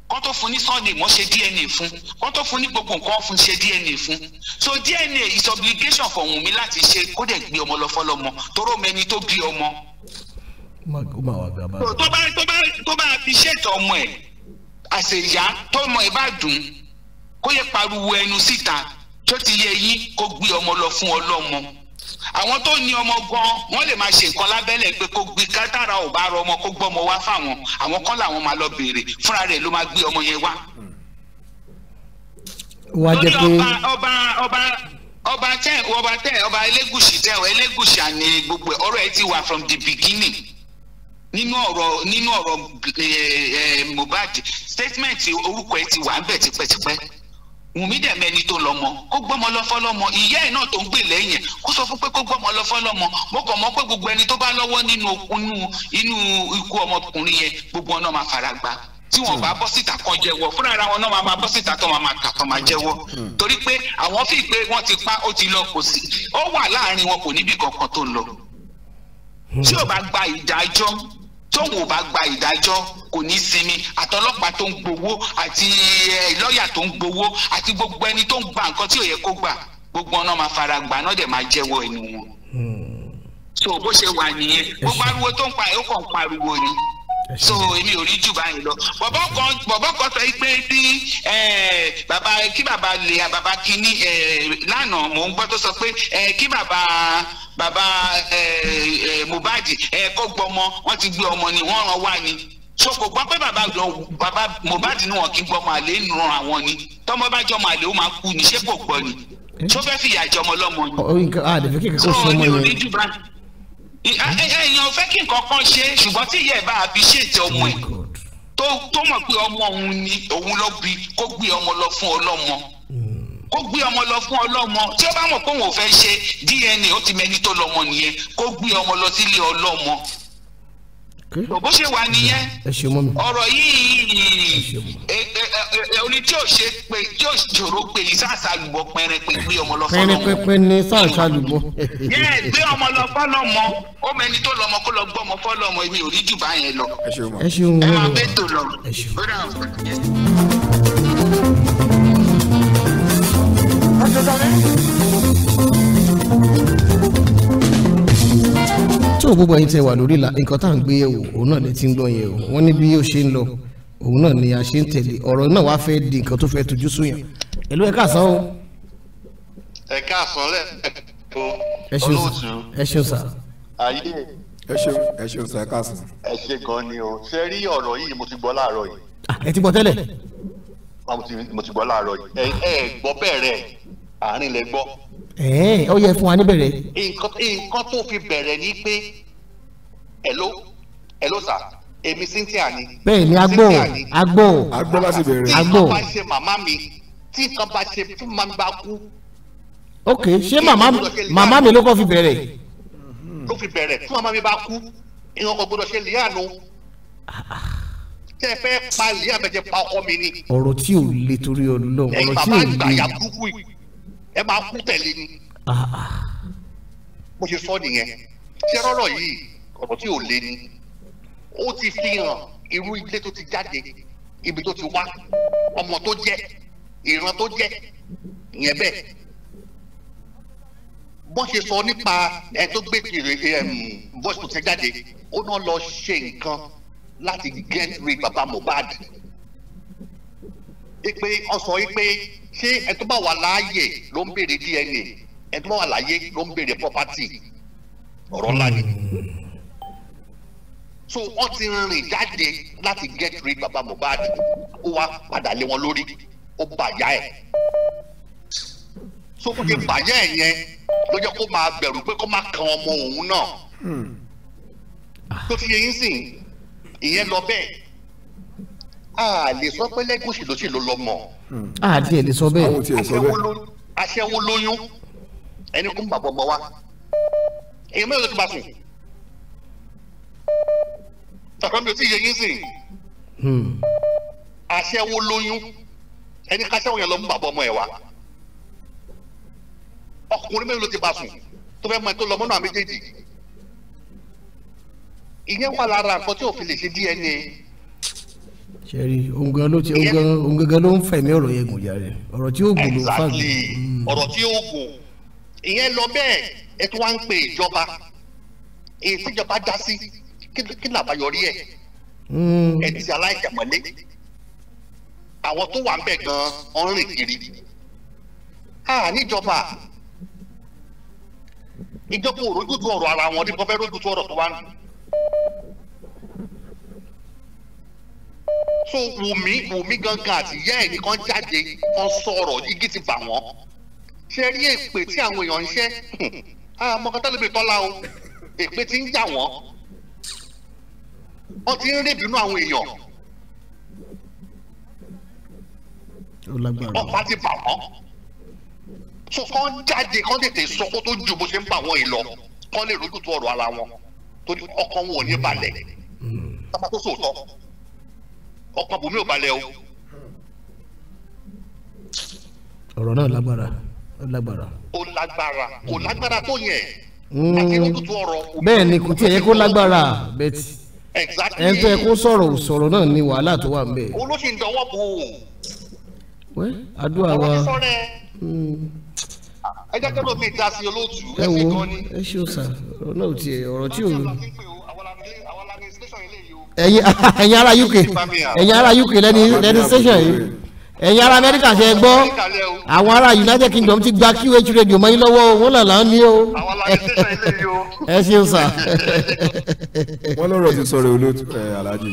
kó tó fún ní sunday wọ́n ṣe DNA fún kó tó fún ní gbogbo nǹkan fún ṣe DNA fún so DNA is obligation for Wùnmí láti ṣe kó dẹ̀ gbé ọmọ lọ fọlọ́mọ toró mẹni tó bí ọmọ. tó bá fi ṣètò ọmọ ẹ̀ àṣèyá tó mọ ẹ bá dùn kó yẹ pariwo ẹnu síta tó ti yẹ yín kó gbé ọmọ lọ fún ọlọ́mọ àwọn tó ní ọmọ gan wọn lè máa ṣe nǹkan lábẹ́lẹ̀ pé kó gbé kátàrà ò bá rọ ọmọ kó gbọ́mọ wá fáwọn àwọn kọ́ làwọn máa lọ béèrè fúnra rẹ̀ ló máa gbé ọmọ yẹn wá. wọ́n ọba ọba ọba tẹ ọba tẹ ọba Elégùṣì tẹ Elégùṣì àní gbogbo ọ̀rọ̀ ẹ ti wà from the beginning nínú ọ̀rọ̀ nínú ọ̀rọ̀ Mohbad statement orúkọ ẹ ti wà ń bẹ̀ tipẹ́tipẹ́ wùmí dẹ̀ mẹ́ni tó lọ́mọ kó gbọ́mọ lọ́fọ́ lọ́mọ ìyá ẹ̀ náà tó ń gbè lẹ́yìn kó sọ fún pé kó gbọ́mọ lọ́fọ́ lọ́mọ mo kàn mọ̀ pé gbogbo ẹni tó bá lọ́wọ́ nínú inú ikú ọmọkùnrin yẹn gbogbo ọ̀nà máa fara gbá tí wọn bá bọ́ síta kan jẹ́wọ́ fúnra ara wọn náà máa máa bọ́ síta tó máa máa kà tó máa jẹ́wọ́ hmm. torí pé àwọn fi pé wọ́n ti pa ó ti lọ kò sí ó wà láàrin wọn kò níbi kankan tó lọ hmm. tí ò bá gba ìdájọ́ tóun ò bá gba ìdájọ́ kò ní sinmi àtọlọ́pàá tó ń gbowó àti eh, lọ́ọ̀yà tó ń gbowó àti gbogbo ẹni tó ń gba nǹkan tí ò yẹ kó gbà gbogbo ọ̀nà máa fara gbà náà dẹ̀ máa jẹ́wọ́ ẹnu wọn. so bó ṣe wà nìyẹn hmm. gbogbo ariwo tó ń pa ó kàn pariwo ni so èmi ò rí jù báyìí lọ bọ̀bọ̀ kan sọ pé bí eh, Baba kí baba lè bàbá kínní lánàá mò ń gbọ́ tó sọ pé kí bàbá bàbá Mohbad kó gbọmọ wọ́n ti gbé ọmọ ni wọ́n ràn wá ni so kò gbọ́ pé bàbá lọ bàbá Mohbad ni wọn kì í gbọmọ àlè ń ran àwọn ni tọmọ bá jọmọ àlè ó máa kú ni ṣé kò gbọ́ ni tó fẹ́ fìyà jẹ ọmọ lọ́mọ yìí. a lè fi kíkẹ́ kó sọmọ yẹn. èèyàn fẹ́ kí nǹkan kan ṣe ṣùgbọ́n tí ìyá ẹ̀ bá a fi ṣètò ọmọ ẹ̀ oh tó tó mọ̀ pé ọmọ òun ni òun ló bí kó gbé ọmọ lọ fún ọlọ́mọ kó gbé ọmọ lọ fún ọlọ́mọ tí ó bá mọ̀ pé òun ò fẹ́ ṣe DNA ó ti mẹ́ni tó lọ́mọ nìyẹn kó gbé ọmọ lọ sílé ọlọ́mọ tó bó ṣe wà nìyẹn ọ̀rọ̀ yìí oní tí ò ṣe pé tí ṣòro pé ní sàṣàlùbọ pẹrẹ pé gbé ọmọ lọ fọlọmọ pẹrẹpẹpẹ ní sàṣàlùbọ. yẹ gbé ọmọ lọ fọlọmọ ó mẹni tó lọmọ kó lọ gbọmọ fọlọmọ èmi ò rí jù báyẹn lọ ẹ ṣeun ẹ máa bẹ tó lọ. Thank you. so gbogbo ẹ̀yin tẹ́ wà lórí la nǹkan tá à ń gbé yẹ̀wò òun náà lè ti ń gbọ́ yẹn o wọ́n ní bí ó ṣe ń lọ òun náà ni a ṣe ń tẹ̀lé ọ̀rọ̀ náà wàá fẹ́ di nǹkan tó fẹ́ tojú súyàn ẹ̀lú ẹ̀ka àsán o. ẹ̀ka àsán lẹ́ẹ̀kọ́ olóòtú ẹ ṣeun sá. ayé ẹ ṣeun ẹ ṣeun sá ẹ̀ka àsán. ẹ ṣe gan ni o ṣe rí ọ̀rọ̀ yìí mo ti gbọ́ láàárọ̀ yìí. Ah, ẹ ti gbọ́ tẹ́lẹ̀. mo ti gbọ́ láàárọ̀ yìí ẹ gbọ́ bẹ́ẹ̀ rẹ̀ àárín lẹ gbọ́. ẹ̀ẹ́n ó yẹ fún wa níbẹ̀rẹ̀. nǹkan tó fi bẹ̀rẹ̀ ni pé hello hello sir èmi Cynthia ni. bẹ́ẹ̀ ni agbó agbó agbó bá ti bẹ̀rẹ̀. tí nǹkan bá ṣe màmá mi tí nǹkan bá ṣe fún màmá mi bá kú. ok ṣé màmá màmá mi ló kọ́ fi bẹ̀rẹ̀. ló fi bẹ̀rẹ̀ tí màmá mi bá kú ìyẹn kò gbọdọ̀ ṣe lìyànù tẹ fẹ́ pa lìyànù bẹ jẹ pa ọkọ mi ni. ọ̀rọ̀ tí ò le torí Ọlọ́run ọ̀rọ̀ tí ò le. ẹ̀yin bàbá àgbà yà kúkú yìí ẹ máa kú tẹ̀lé ni mo ṣe sọ nìyẹn ṣé rọ́rọ̀ yìí ọ̀rọ̀ tí ò lé ni ó ti fi hàn irú ilé tó ti jáde ibi tó ti wá ọmọ tó jẹ́ ìran tó jẹ́ yẹn bẹ́ẹ̀ bọ́n ṣe sọ nípa ẹ tó gbé voice note jáde ó náà lọ ṣe nǹkan láti get rid baba Mohbad ipe ọsọ ipe ṣé ẹ tó bá wà láàyè ló ń béèrè DNA ẹ tó bá wà láàyè ló ń béèrè property ọ̀rọ̀ ńlá so wọ́n ti rìn jáde láti get rid baba Mohbad ó wá padà lé wọn lórí ó bàyá ẹ̀ so kò ṣe bàyá ẹ̀ yẹn ló jẹ́ kó máa bẹ̀rù pé kó má kan ọmọ òun náà hmm. tó fi yẹ sìn ìyẹn lọ bẹ́ẹ̀ a lè sọ pé lẹ́gùsì ló sì ló lọ mọ̀. Hmm. a ti ẹ̀ lè sọ bẹ́ẹ̀. aṣẹ́wó lóyún ẹni kún bàbá ọmọ wa èyí mẹ́rin ló ti bá sùn. tàkàmì ò tí ì yẹ yín sìn. Hmm. aṣẹ́wó lóyún ẹni káṣẹ́wó yẹn lọ mú bàbá ọmọ ẹ̀ wá. ọkùnrin mẹ́rin ló ti bá sùn tó fẹ́ mọ ẹ tó lọ mọ́nà méjèèjì. ìyẹn wà lára nǹkan tí òfin lè ṣe DNA sẹ́rí òun gan ló ti òun gangan ló ń fẹ̀mí ọ̀rọ̀ yẹn gùn jàre ọ̀rọ̀ tí ó gùn ló fà gùn. Hmm. ọ̀rọ̀ tí ó gùn ìyẹn lọ bẹ́ẹ̀ ẹ tún wá ń pe ìjọba èyí tíjọba dá sí kí ni àbáyọrí ẹ̀ hmm. ẹ ti ṣe aláìjàmọ́lé àwọn tó wà ń bẹ̀ gan ọ̀n kiri a níjọba ìjọba ò rójútu ọ̀rọ̀ ara wọn ní kò rójútu ọ̀rọ̀ tó wà ń so wùmí wùmí gangan àti ìyá ẹ̀ nìkan jáde kan sọ̀rọ̀ igi ti bà wọ́n ṣe rí èpè tí àwọn èèyàn ń ṣe àmọ́kátà lóbi tọ́lá o èpè ti ń jà wọ́n wọ́n ti ń rí ìbínú àwọn èèyàn ọ̀pá ti bà wọ́n so kán jáde kán tètè sọ kó tó ju bó ṣe ń bà wọ́n yìí lọ kán lè rójútu ọ̀rọ̀ ara wọn torí ọkàn wọn ò ní balẹ̀ hmm. tábàtó sòótọ́ ọkàn Bùnmi ò balẹ̀ o. ọ̀rọ̀ náà lágbára ó lágbára. ó lágbára kò hmm. lágbára tó yẹn. Hmm. bẹ́ẹ̀ ni kò tiẹ̀ yẹ kó lágbára bẹ́tì ẹni tó yẹ kó sọ̀rọ̀ sọ̀rọ̀ náà ni wàhálà tó wà ń bẹ̀. olóṣèlú ìdánwò bò ó. wẹ́ àdúrà wa hmm. ẹ jẹ́ kí lómi dá sí olóòtú ẹ fi gan ni. ẹ ṣe o sà ọ̀rọ̀ náà ò tiẹ̀ ọ̀rọ̀ tí ò ẹ̀yin ẹ̀yin ará UK ẹ̀yin ará UK lẹni lẹni station yìí ẹ̀yin ará Amẹ́ríkà ṣe gbọ́ àwọn ará United Kingdom ti gba QH radio mọ́ yín lọ́wọ́ wọn lọ́la ń ní o ẹ ṣeun sà. wọ́n lọ́rọ̀ ti sọ̀rọ̀ olóòtú aláàjì.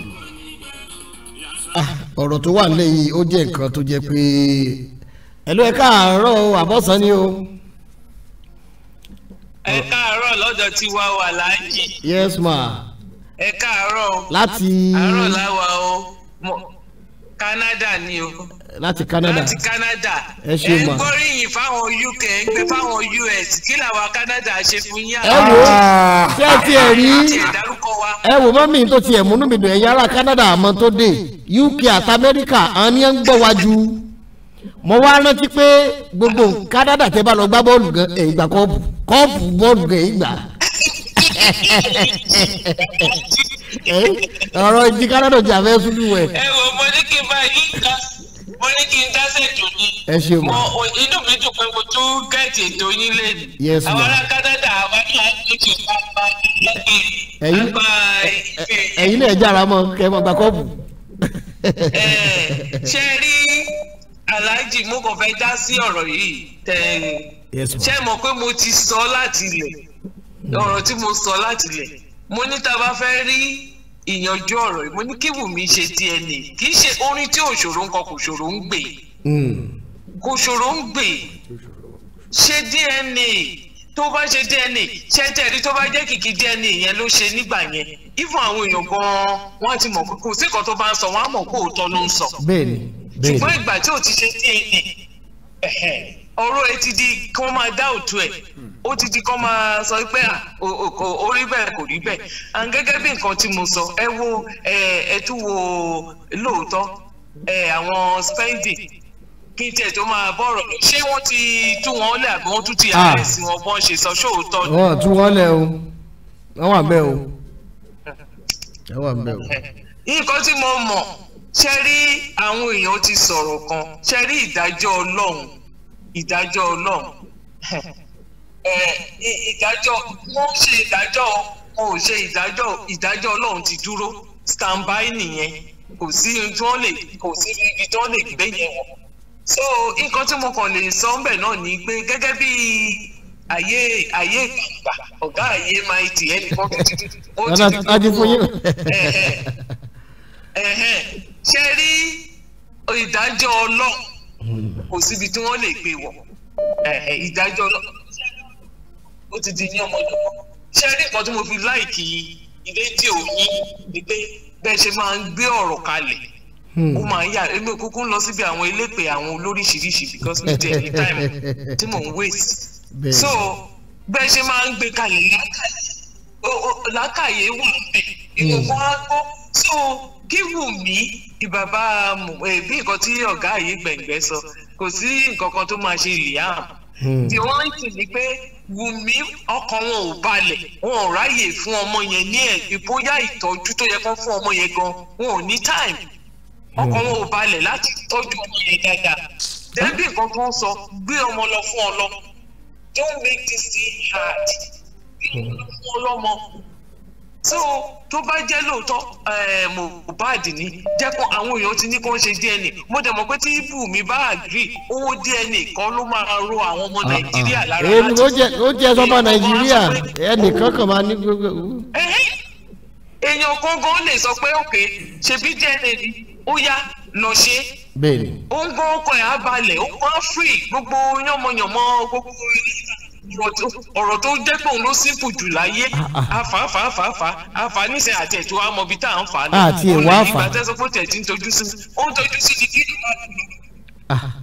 Ah, ọ̀rọ̀ tó wà lẹ́yìn ó jẹ́ nǹkan tó jẹ́ pé ẹ̀lú ẹ̀ káàárọ̀ àbọ̀sán ni o. ẹ káàárọ̀ lọ́dọ̀ tí wàá wà láàjì. yes ma ẹ káàárọ̀ o láti àárọ̀ láwa o Canada ni o láti Canada láti Canada ẹ ṣe mọ ẹ gbóríyìn fáwọn UK ẹ gbé fáwọn US kí làwọn Canada ṣe fún yín. ẹ wò ó ṣé ẹ tiẹ̀ rí ẹ wò mọ́mí tó tiẹ̀ múnú mi dùn ẹ̀yà ara Canada àmọ́ tó dé UK àti Amẹ́ríkà àwọn ni ẹ ń gbọ́ wájú mo wá rántí pé gbogbo Canada tẹ́ bá lọ gbá bọ́ọ̀lù gan ẹ̀yìn gbà kọ́ọ̀bù kọ́ọ̀bù bọ́ọ̀lù gan ẹ̀yìn gbà. Eh? ọ̀rọ̀ ìdí kánádọ̀ jà fẹ́ sùn wẹ̀. ẹ wò mo ní kí n bá yín ká mo ní kí n dáṣẹ̀ tó ẹ ṣe mọ. mo inú mi dùn pé mo tún gẹ̀ẹ́tì ètò yín lẹ́nu. yes ma. àwọn ará kánádà àwọn ará ètò ìpàgbà ẹ̀yin ẹ̀yin náà jára mọ kẹ́ mọ gbà kọ́ọ̀bù. ṣe rí aláàjì mo kàn fẹ́ dá sí ọ̀rọ̀ yìí ṣe mọ̀ pé mo ti sọ láti ilẹ̀ ọ̀rọ̀ tí mo sọ láti lẹ̀ mo ní tá a bá fẹ́ rí ìyànjú ọ̀rọ̀ mo ní kí Wùmí ṣe tiẹ̀ nì kì í ṣe orin tí òṣòro ń kọ kò ṣòro ń gbè hmm. kò ṣòro ń gbè ṣe DNA tó bá ṣe DNA ṣe tẹ̀rí tó bá jẹ́ kìkì DNA yẹn ló ṣe nígbà yẹn ìfún àwọn èèyàn gan-an wọ́n ti mọ̀ kò sí kan tó bá ń sọ wọ́n á mọ̀ kó òótọ́ ló ń sọ ṣùgbọ́n ìgbà tí ò ti ṣe DNA ọ̀rọ̀ ẹ ti di kí wọ́n máa dá òtú ẹ̀ ó ti di kí wọ́n máa sọ pé ó ah, rí bẹ́ẹ̀ kò rí bẹ́ẹ̀ and gẹ́gẹ́ bí nǹkan tí mo sọ ẹ wo ẹ tún wo lóòótọ́ àwọn spending kí n tẹ̀ tó máa bọ̀rọ̀ ṣé wọ́n ti tú wọn lẹ̀ àbí wọ́n tún ti àrẹ́sì ah. wọn bọ́n ṣe sọ sóòótọ́ ni. wọ́n tú wọn lẹ̀ o wọ́n wà bẹ́ẹ̀ o wọ́n wà bẹ́ẹ̀ o. nǹkan tí mo mọ̀ ṣe rí àwọn èèyàn ti sọ̀rọ̀ kan ṣe rí ìdájọ́ ọlọ́run ìdájọ́ Ọlọ́run ìdájọ́ wọ́n ṣe ìdájọ́ wọn ò ṣe ìdájọ́ ìdájọ́ Ọlọ́run ti dúró stand by nìyẹn kò sí ibi tí wọ́n lè kò sí ibi tí wọ́n lè gbé yẹn wọ̀ so nǹkan tí mo kàn lè sọ ńbẹ̀ náà ni pé gẹ́gẹ́ bí ayé ayé gbàgbà ọ̀gá ayé máa ti ẹni kan tó ti ó ti dúró ṣe rí ìdájọ́ Ọlọ́run kò síbi tí wọ́n lè gbé wọ̀ ìdájọ́ ó ti di ní ọmọdé wọn ṣé ẹ ní nǹkan tí mo fi láìkì ilé tí ò yín ni pé bẹ́ẹ̀ ṣe máa ń gbé ọ̀rọ̀ kalẹ̀ hmm. ó máa ń yà èmi òkúkú ń lọ síbi àwọn elépè àwọn olóríṣiríṣi because mi tẹ̀ ní time tí mò ń waste so bẹ́ẹ̀ ṣe máa ń gbé kalẹ̀ lákàyè wà bẹ́ẹ̀ ìwọ̀n wọn á gbọ́ so kí Wùmí ìbàbá bí nǹkan tí ọ̀gá yìí gbẹ̀ngbẹ́ sọ kò sí nǹkan kan tó máa ṣe Liam hmm. the one thing ni pé Wùmí ọkàn wọn ò balẹ̀ wọn ò ráyè fún ọmọ yẹn ní ẹ̀ bóyá ìtọ́jú tó yẹ kán fún ọmọ yẹn gan wọn ò ní time ọkàn wọn ò balẹ̀ láti tọ́jú ọmọ yẹn dáadáa dẹ́bí nǹkan tó ń sọ gbé ọmọ lọ fún ọ lọ don't make this thing hard so tó bá jẹ́ lóòótọ́ eh, Mohbad ní jẹ́ kó àwọn èèyàn ti ní kó ń ṣe DNA mo dẹ̀ mọ̀ pé tí Bùnmi bá àgírí owó DNA kan ló máa ro àwọn ọmọ ah, ah. Nàìjíríà lára láti fún ó jẹ́ sọ́mọ Nàìjíríà ẹnìkan kan máa ní gbogbo. Eh, eh. èèyàn gangan lè sọ pé òkè ṣebí DNA ni ó yá lọ ṣe é ó ń gbọ́ ọkọ̀ ẹ̀ á balẹ̀ ó máa ń fìrì gbogbo yánmọ̀yánmọ́ gbogbo ilé ìlànà ọ̀rọ̀ tó ń dẹ́pọ̀ ló simple jù láyé àfààfààfààfà ah, ah. àfààníṣe àti ẹ̀tọ́ amọ̀bí tá à ń fà á ah, náà ọ̀nà ìgbà tẹ́sán fún tẹ̀sí ń tọ́jú sí ó ń tọ́jú sí ní eh? kí ló máa dùn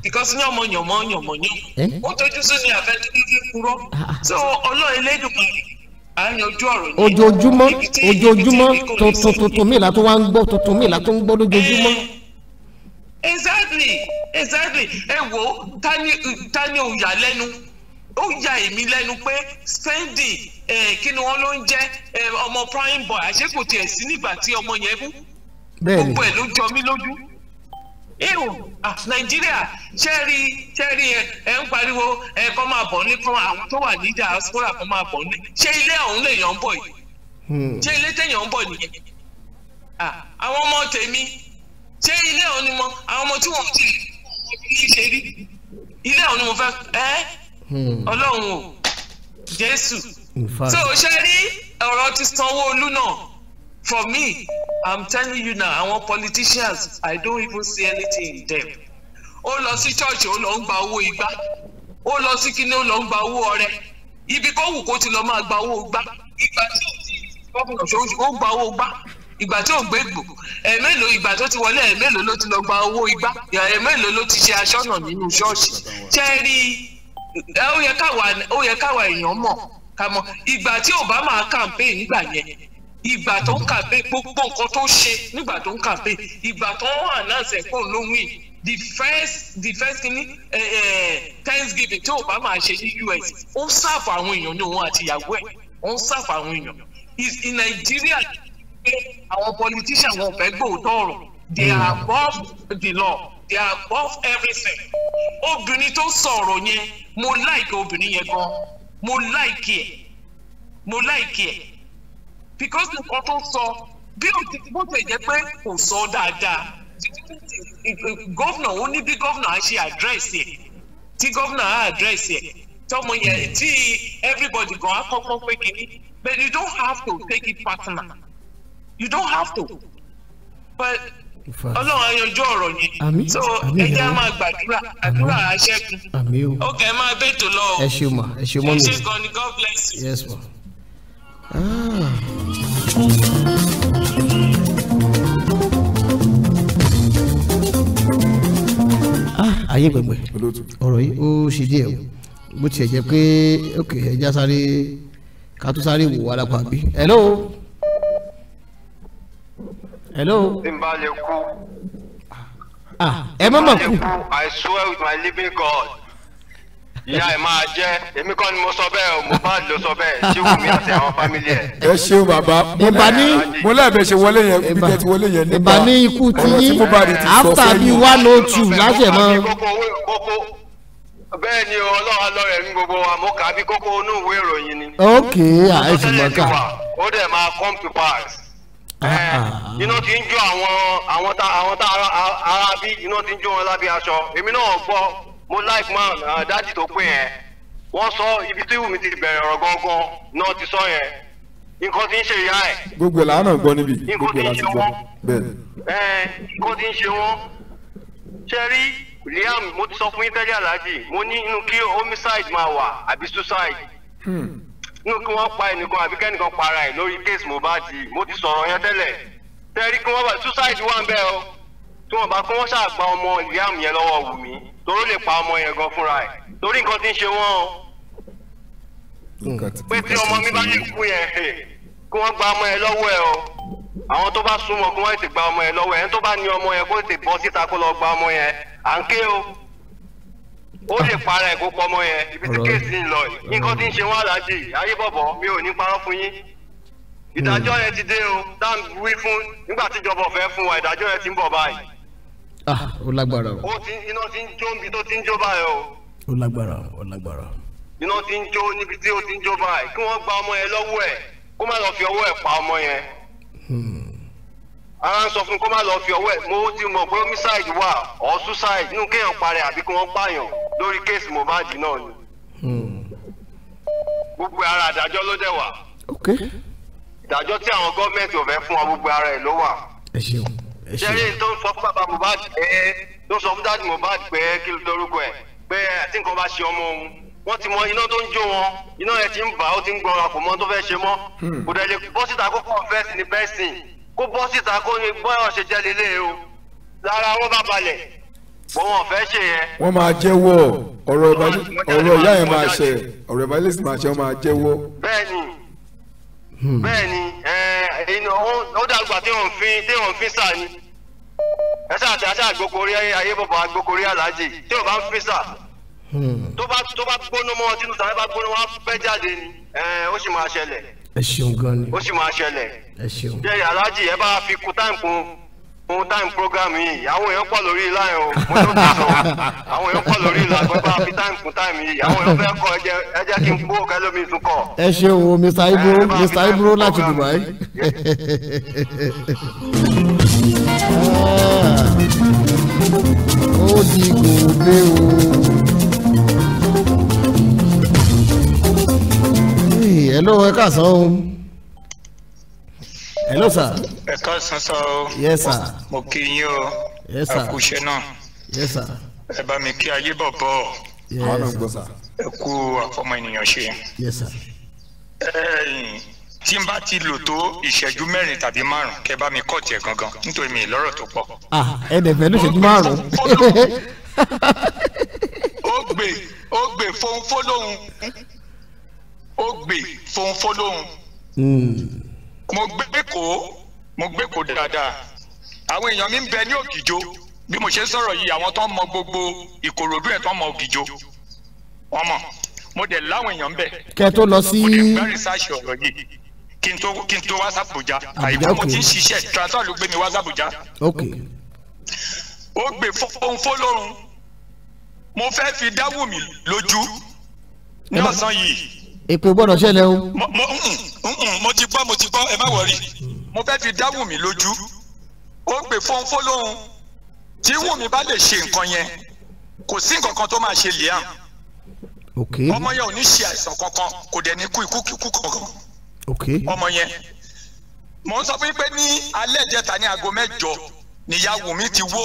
because yànmọ yànmọ yànmọ yànmọ ó tọ́jú sí ní àfẹ́tẹ́tẹ́ kúrọ́ so ọlọ́run elédùnmọ̀ àyànjú ọ̀rọ̀ yẹn ojoojúmọ́ ojoojúmọ́ tuntun mi là wá ń gbọ́ tuntun mi là ń gbọ́ lójoojúmọ́ eh, exactly exactly ẹ wo ta ni ta ó ya èmi lẹ́nu pé spending kí ni wọ́n ló ń jẹ́ ọmọ prime boy àṣé kò tiẹ̀ sí nígbà tí ọmọ yẹn kú gbogbo ẹ̀ ló jọ mí lójú ihò nàìjíríà ṣẹ́ẹ̀rì ṣẹ́ẹ̀rì ẹ̀ ẹ̀ ń pariwo ẹ̀ kọ́ máa bọ̀ ní kan àwọn tó wà ní diaspora kan máa bọ̀ ní ṣé ilé ọ̀hún lèèyàn ń bọ̀ yìí hmm. ṣé ilé téèyàn ń bọ̀ nìyẹn àwọn ọmọ tèmi ṣé ilé ọ̀hún ni mo àwọn ọmọ tí wọ́n ti ilé ọ̀hún ni mo fẹ́ ẹ́ Hmm. ọlọ́run o jésù so ṣe rí ọ̀rọ̀ ti sanwó-olú náà for me i'm telling you now àwọn politicians i don't even see anything in them ó lọ sí church ó lọ ń gba owó igbá ó lọ sí kíní ó lọ ń gba owó ọrẹ ibi kó wù kó ti lọ máa gba owó gbá ìgbà tí ò ti gómìnà ṣòwò ó gba owó gbá ìgbà tí ò gbé gbò ẹ̀ẹ́mẹ́lòó ìgbà tó ti wọlé ẹ̀ẹ́mẹ́lòó ló ti lọ gba owó igbá ẹ̀ẹ́mẹ́lòó ló ti ṣe aṣọ́nà nínú ṣọ́ọ̀ṣì ṣẹ́ẹ́rì ó yẹ káwa ó yẹ káwa èèyàn mọ̀ ká mọ̀ ìgbà tí Obama campaign nígbà yẹn ìgbà tó ń campaign gbogbo nǹkan tó ṣe nígbà tó ń campaign ìgbà tó ń announce ẹ̀kọ́ lóhùn yìí the first the first kini eh, eh, Thanksgiving tí Obama ṣe ní US ó ń sáfù àwọn èèyàn ní òun àti ìyàwó ẹ̀ ó ń sáfù àwọn èèyàn in Nigeria àwọn politician wọn ò fẹ́ gbóòótọ́ ọ̀rọ̀ they are above the law they are above everything obìnrin tó sọ̀rọ̀ yẹn mo láìkè obìnrin yẹn gan mo láìkè ẹ̀ mo láìkè ẹ̀ because nǹkan tó sọ bí bó ṣe jẹ́ pé kò sọ dáadáa gọ́vnà ó ní bí gọ́vnà á ṣe àdírẹ́sì ẹ̀ tí gọ́vnà á àdírẹ́sì ẹ̀ tọmọ yẹn tí everybody gan á kọ́kọ́ pé kínní but you don't have to take it personal you don't have to but ọlọ́run á yanjú ọ̀rọ̀ yẹn so ẹ jẹ́ á máa gbàdúrà àdúrà àṣẹ́kù ó kẹ́ ẹ máa bètò lọ o ẹ ṣe mà ẹ ṣe mọ́ mi ẹ ṣe gan ni God bless you. Yes, ma. Ah. ah ayé gbẹgbẹ ọ̀rọ̀ yìí ó ṣe díẹ̀ o bó tiẹ̀ jẹ́ pé ok ẹ já sáré ká tó sáré wò wá lápá bí. hello hello. tí n bá ẹ má mà I swear with my living God. ìyá ẹ máa jẹ èmi kọ́ ni mo sọ bẹ́ẹ̀ o Mohbad ló sọ bẹ́ẹ̀ tí wù mí àti àwọn fámìlì ẹ̀. ẹ ṣeun bàbá mo bá ní mo lẹ́ẹ̀bẹ̀ ṣe wọlé yẹn ibi ti wọlé yẹn nípa ìbá ní ikú ti yín after bíi one oh two láṣẹ mọ́. bẹ́ẹ̀ ni ọlọ́run lọ́rẹ̀ ní gbogbo àmọ́kà bí kókó inú ìwé ìròyìn ni. ok àìsàn ah, mọ́kà. ó dẹ̀ máa come to pass. Ah, ah. iná ti ń jó àwọn àwọn tá àwọn tá ara bí iná ti ń jó wọn lábẹ́ aṣọ èmi náà gbọ́ mo like man ah, dájì tó pé yẹn wọ́n sọ ibi tí wùmí ti bẹ̀rẹ̀ ọ̀rọ̀ gangan náà ti sọ yẹn nǹkan ti ń ṣe ìyá ẹ̀. gbogbo ẹ̀ làánà gbọ́ níbí gbogbo ẹ̀ láti gbọ́ bẹ́ẹ̀. ẹ nǹkan ti ń ṣe wọ́n ṣe rí Liam mo ti sọ fún yín tẹ́lẹ̀ aláàjì mo ní inú kí homicide máa wà àbí suicide. Hmm nínú kí wọ́n pa ẹnìkan àbí kẹ́nìkan para ẹ̀ lórí case Mohbad mo ti sọ̀rọ̀ yẹn tẹ́lẹ̀ tẹ́rí kí wọ́n bá suicide wà ń bẹ̀ o tí wọ́n bá kí wọ́n ṣàgbá ọmọ Liam yẹn lọ́wọ́ Wùmí torí lè pa ọmọ yẹn gan fúnra ẹ̀ torí nǹkan ti ń ṣe wọ́n o pé tí ọmọ mi bá lè kú yẹn kí wọ́n gba ọmọ yẹn lọ́wọ́ ẹ̀ o àwọn tó bá súnmọ́ kí wọ́n ti gba ọmọ yẹn lọ́wọ́ ẹ̀ ẹni tó bá ó lè para ẹ̀ kó ibi tí kéèsì ń lọ nǹkan tí ń ṣe wọn aláàjì ayébọ̀bọ̀ mi ò ní parọ́ fún yín ìdájọ́ ti dé o tá fun wí fún nígbà ọ̀fẹ́ fún wa ti ń bọ̀ báyìí. ah ó lágbára o. ti iná ti ń jó níbi tó ti ń jó báyìí o. ó lágbára ó lágbára. ti ń jó níbi tí ó ti ń jó báyìí kí wọ́n gba ọmọ yẹn lọ́wọ́ ẹ̀ kó má lọ fi ọwọ́ pa ọmọ hmm. ara ń sọ fún kó má lọ fi ọwọ́ ẹ̀ mo ti mọ̀ pé homicide wà or suicide nínú kéèyàn parẹ́ àbí kí wọ́n pààyàn lórí kéèsì Mohbad náà ni. Hmm. gbogbo ara ìdájọ́ ló dẹ̀ wà. ìdájọ́ tí àwọn gọ́ọ̀mẹ̀ntì ò fún ọ gbogbo ara ẹ̀ ló wà. ẹ tó ń sọ fún bàbá Mohbad pé tó ń sọ fún dáàdì Mohbad pé kí ló dorúkọ ẹ̀ pé àti nǹkan bá ṣe ọmọ òun wọ́n ti mọ iná tó ń jó wọn iná yẹn ti ń bà ó ti ń gbọ́ra kò mọ tó fẹ́ ṣe mọ́ hmm. kò dẹ̀ lè bọ́ síta kó ní bẹ́ẹ̀ kó bọ́ síta kó ní gbọ́ ọ̀ṣẹ̀ jẹ́ lélẹ̀ o lára wọn bá balẹ̀ wọn fẹ́ ṣe yẹn. wọ́n máa jẹ́wọ́ ọ̀rọ̀ ìyá yẹn máa ṣe ọ̀rọ̀ ìbálẹ̀ sì máa ṣe wọ́n máa jẹ́wọ́. bẹ́ẹ̀ni hmm. bẹ́ẹ̀ni ẹ̀ẹ́n ó dàgbà tí wọ́n fi tí wọ́n fi sà ni ẹ sáà tí a sáà gbókorí ayé bọ̀bọ̀ agbókorí aláàjì tí wọ́n bá ń fi sà hmm. tó bá gbóná mọ́ ọtí tó tàbí bá gbóná wọn á pẹ́ jáde ni ó sì máa ṣẹlẹ̀ ẹ ṣeun gan ni. ó sì máa ṣẹlẹ̀. ẹ ṣeun. ṣe aláàjì ẹ bá fi kun táìmù kun kun táìmù programu yìí àwọn èèyàn pọ̀ lórí láì o mo ló fi sọ àwọn èèyàn pọ̀ lórí láì pé bá fi táìmù kun táìmù yìí àwọn èèyàn fẹ́ kọ ẹ jẹ́ kí n kú òkè lómi tún kọ. ẹ ṣeun Mr. Ibro Mr. Ibro láti Dubai. Ah, ó di gòlè o. hello ẹ káàsán o hello sir. ẹ káàsán sọ o. yes sir. mo kí yín o. yes sir. ẹ kú iṣẹ́ náà. yes sir. ẹ bá mi kí ayé bọ̀ bọ̀. yes sir. ẹ kú àfọmọ ènìyàn ṣe. yes sir. ẹyìn tí n bá ti lò tó ìṣẹ́jú mẹ́rin tàbí márùn-ún kẹ́ bá mi kọ́ tiẹ̀ gangan nítorí mi lọ́rọ̀ tó pọ̀. ah ẹ dẹ̀ fẹ́ ló ṣẹ́jú márùn-ún ó gbé ó gbé fónfó lóhun ó gbè fóun fólóhùn hmm. mo gbé kó mo gbé kó dáadáa àwọn èèyàn mi ń bẹ ní òkìjó bí mo ṣe ń sọ̀rọ̀ yìí àwọn tó ń mọ gbogbo ìkòròdú ẹ̀ tó ń mọ òkìjó wọn mọ̀ mo dẹ̀ láwọn èèyàn ń bẹ. kẹ́ tó lọ sí. mo dẹ̀ gbá rìsáàsì ọ̀rọ̀ yìí kí n tó kí n tó wá sàbújá àyíkú mo ti ń ṣiṣẹ́ transfer ló gbé mi wá sàbújá. ó gbé fóun fólórun mo fẹ́ fi dá Wùmí lójú ní ọ̀sán yìí èpè gbọ́dọ̀ ṣẹlẹ̀ o. Mm, mm, mm, mo ti gbọ́ mo ti gbọ́ ẹ má wọrí mo fẹ́ fi dá Wùmí lójú ó pè fóun fólóhùn tí Wùmí bá lè ṣe nǹkan yẹn kò sí nǹkan kan tó máa ṣe Liam ọmọ yẹn ò ní ṣe àìsàn kankan kò dẹ̀ ní kú ikú kíkú kankan ọmọ yẹn mo ń sọ fún yín pé ní alẹ́ ìjẹta ní aago mẹ́jọ níyà Wùmí ti wó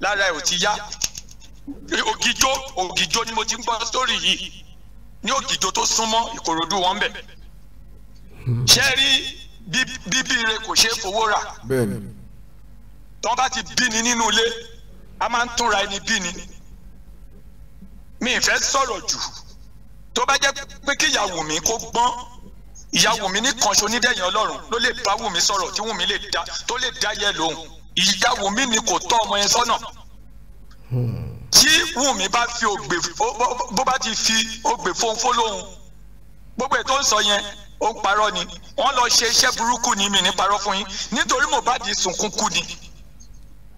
lára ẹ̀ ò ti yá ògìjó ògìjó ni mo ti ń gbọ́ sórí yìí ní òkìjọ tó súnmọ́ ìkòròdú wọn bẹ̀ ṣe rí bíbí rẹ kò ṣeé fowó rà tọ́ bá ti bí ni nínú ilé a máa ń túnra ẹni bí ni mi ì fẹ́ sọ̀rọ̀ jù tó bá jẹ́ pé kí ìyá Wùmí kó gbọ́n ìyá Wùmí nìkan ṣo nídẹ̀yìn Ọlọ́run ló lè bá Wùmí sọ̀rọ̀ tí Wùmí tó lè dá yẹ lóhùn ìyá Wùmí ni kò tọ́ ọmọ yẹn sọ́nà. Hmm tí Wùmí bá fi ògbè bó bá ti fi ògbè fónfó lóhùn gbogbo ètò ń sọ yẹn ó ń parọ́ ni wọ́n lọ ṣe iṣẹ́ burúkú ní mi ní parọ́ fún yín nítorí Mohbad sunkún kú ni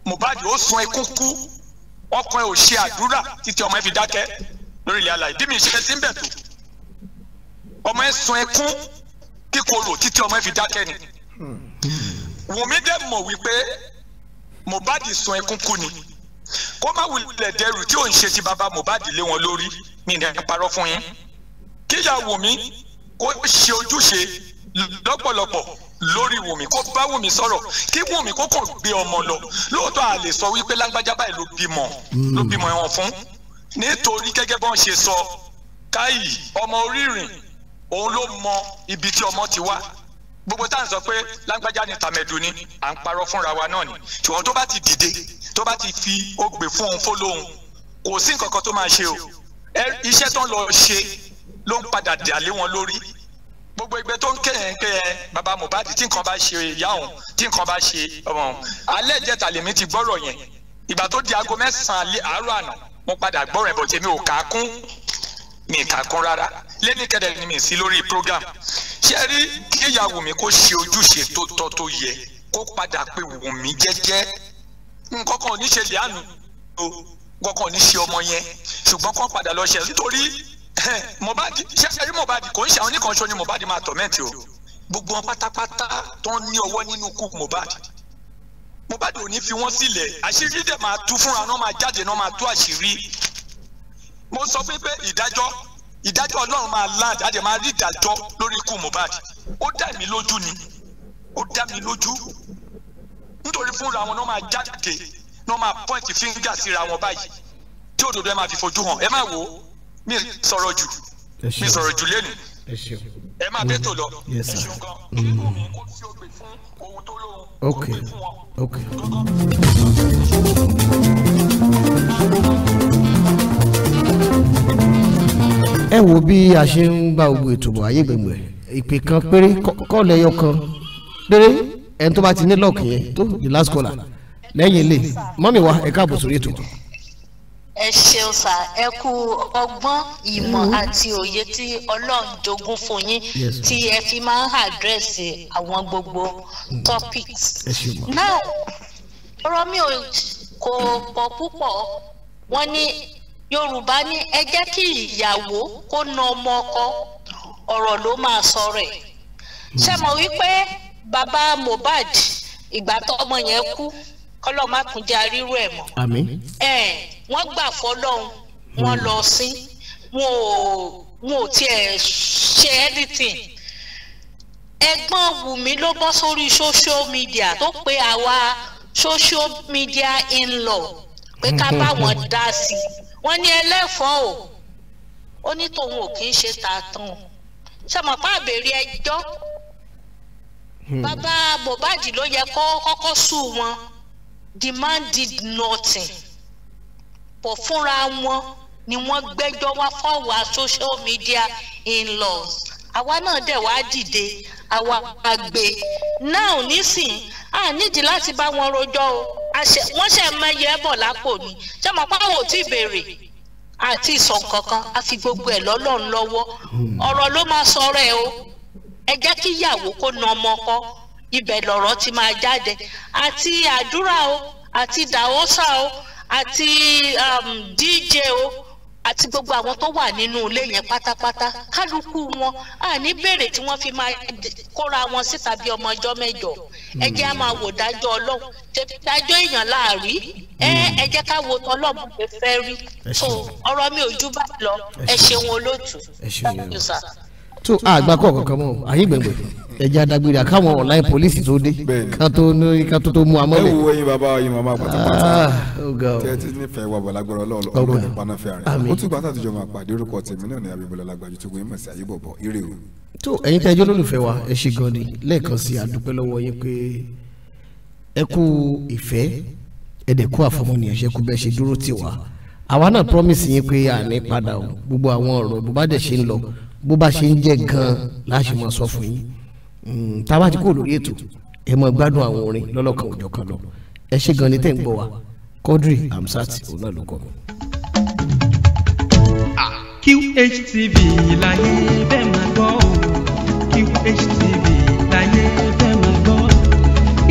Mohbad ó sun ẹkún kú ọkàn ẹ ò ṣe àdúrà títí ọmọ ẹ fi dákẹ́ lórí ilẹ̀ alàyè bí mi ṣe ti ń bẹ̀ tó ọmọ ẹ sun ẹkún kíkorò títí ọmọ ẹ fi dákẹ́ ni hmm. Wùmí dẹ̀ mọ̀ wípé Mohbad sun ẹkún kú ni kó má wulẹ̀ dẹrù tí ò ń ṣe ti bàbá Mohbad lé wọn lórí ní ìdájọ́ parọ́ fún yín kíyà Wùmí kó ṣe ojúṣe lọ́pọ̀lọpọ̀ lórí Wùmí kó bá Wùmí sọ̀rọ̀ kí Wùmí kó kàn gbé ọmọ lọ lóòótọ́ a lè sọ wípé lágbájá báyìí ló bímọ hmm. ló bímọ ẹ̀wọ̀n fún nítorí gẹ́gẹ́ bọ́n ṣe sọ káyì ọmọ orírìn òun ló mọ ibi tí ọmọ ti wá gbogbo tá à ń sọ pé lágbájá ni tàmẹ̀dù ni à ń parọ́ fúnra wa náà ni ṣùgbọ́n tó bá ti dìde tó bá ti fi ogbè fún òun fólóhùn kò sí nǹkan kan tó máa ṣe o iṣẹ́ tó ń lọ ṣe ló ń padà dà lé wọn lórí gbogbo ẹgbẹ́ tó ń kẹyìn baba Mohbad tí nǹkan bá ṣe ìyá òun tí nǹkan bá ṣe ọmọ òun alẹ́ ìjẹta lèmi ti gbọ́rọ̀ yẹn ìgbà tó di aago mẹ́sàn-án àárọ̀ àná mo padà gbọ́rọ̀ ẹ̀ tèmi ò kà á kún mi kà kún rárá lẹ́ni ni mi sí lórí program ṣé ẹ rí kíyàwó mi kó ṣe ojúṣe tó tọ́ tó yẹ kó padà pé Wùnmí jẹ́jẹ́ nǹkan kan ò ní ṣe Liam o nǹkan kan ò ní ṣe ọmọ yẹn ṣùgbọ́n kó padà lọ ṣe nítorí Mohbad ṣé rí Mohbad kò ń ṣe àwọn oníkanṣọ ni Mohbad máa tọ̀mẹ́ǹtì o gbogbo wọn pátápátá tó ń ní ọwọ́ nínú kú Mohbad Mohbad ò ní fi wọ́n sílẹ̀ àṣírí dẹ̀ máa tú fúnra náà máa jáde náà máa tú àṣírí mo sọ pé ìdájọ́ ìdájọ́ ọlọ́run máa land àdè máa rí ìdájọ́ lórí ikú Mohbad ó dá mi lójú ni ó dá mi lójú nítorí fúnra wọn náà máa jáde náà máa point finger síra wọn báyìí tí òdodo ẹ máa fi fojú hàn ẹ máa wò ó mi sọ̀rọ̀ jù mi sọ̀rọ̀ jù lẹ́nu ẹ máa bẹ́ẹ̀ tó lọ ẹ ṣeun gan inú mi kò sí ògbè fún ohun tó lóhun ògbè fún wọn. ẹ wo bí a ṣe ń bá gbogbo ètò bọ̀ ayé gbẹ̀gbẹ̀ ìpè kan péré kọ́ọ̀lù ẹyọ kan péré ẹni tó bá ti ní lọ́ọ̀kì yẹn tó the last caller lẹ́yìn ilé mọ́mí wa ẹ̀ka àbò sórí ètò. ẹ ṣeun sá ẹ kú ọgbọ́n ìmọ̀ àti òye tí ọlọ́run jogún fún yín tí ẹ fi máa ń àdírẹ́sì àwọn gbogbo topics. náà ọ̀rọ̀ mi ò kò pọ̀ púpọ̀ wọ́n ní yorùbá ní ẹ jẹ́ kí ìyàwó kó na ọmọ ọkọ ọ̀rọ̀ ló máa sọ rẹ̀ ṣe mọ̀ wípé bàbá Mohbad ìgbà tó ọmọ yẹn kú kọlọ́màkúndé arírú ẹ̀ mọ́ wọ́n gbà fọlọ́hún wọ́n lọ sí wọn ò tiẹ̀ ṣe anything ẹ̀gbọ́n Wùmí ló bọ́ sórí social media tó pe àwa social media in law pé ká bá wọn dá sí i wọ́n ní ẹlẹ́fọ̀ọ́ o ó ní tòun ò kì í ṣe tààtàn o ṣe mọ̀ pé àbèrè ẹjọ́ hmm. bàbá Mohbad ló yẹ kó kọ́kọ́ sùn wọn demand did nothing pọ̀ fúnra wọn ni wọ́n gbẹ́jọ́ wá fọ́wọ́ social media in-laws àwa náà dẹ̀ wá dìde àwa àgbè náà nísìn àníjì láti bá wọn rojọ́ o wọ́n ṣe máa yẹ bọ̀ lápò ni ṣé mo pàwọ́ ò tí ì béèrè àti ìsàn kankan a fi gbogbo ẹ̀ lọ́lọ́run lọ́wọ́ ọ̀rọ̀ ló máa sọ̀rọ̀ ẹ o ẹ jẹ́ kí ìyàwó kó na ọmọ ọkọ ibẹ̀ lọ̀rọ̀ ti máa jáde àti àdúrà o àti dàwọ́sà o àti um, dj o àti gbogbo àwọn tó wà nínú ilé yẹn pátápátá kálukú wọn àní béèrè tí wọ́n fi máa kóra wọn síta bí ọmọ ọjọ́ mẹ́jọ ẹ jẹ́ á máa Ọlọ́run tètèjọ èèyàn láàrí ẹ hmm. ẹ jẹ́ ká wo tọlọ́mù pé fẹ́ rí so ọ̀rọ̀ mi ò jú bá lọ ẹ ṣeun olóòtú. tó àgbà kọ̀ kankan mọ́ àyín gbẹ̀ngbẹ̀ ẹja dágbére àkáwọn online police tó dé kan tó ní kan tó tó mú amọ́lẹ̀. ẹ wo ẹyin bàbá ẹyin màmá pátápátá ah, oh tí ẹ ti nífẹ̀ẹ́ wà balagbọ̀rọ̀ lọ́ọ̀lọ́ ọlọ́run oh panáfẹ́ ààrẹ ó tún gbàtà àtijọ́ máa pàdé orúkọ tèmi náà ní Abímbọ́lá Lágbájú tó gbé mọ̀ sí ayé bọ̀bọ̀ ire o. tó ẹyin tẹ́jọ́ lólùfẹ́ wa ẹ ṣe gan ni lẹ́ẹ̀kan sí a dúpẹ́ lọ́wọ́ pé ẹ kú ìfẹ́ ẹ dẹ̀ kú ṣe dúró tì àwa náà promise yín pé àní padà o gbogbo àwọn ọ̀rọ̀ bó bá dẹ̀ ṣe ń lọ bó bá ṣe ń jẹ́ gan láṣẹ máa sọ fún yín hmm, tá ti kúrò lórí ètò ẹ máa gbádùn àwọn orin lọ́lọ́kan òjọ̀kan lọ ẹ ṣe gan ni tẹ́ ń gbọ́ wa Quadri Hamzat òun náà ló kọ́ QHTV láyé bẹ́ẹ̀ máa gbọ́ QHTV láyé bẹ́ẹ̀ máa gbọ́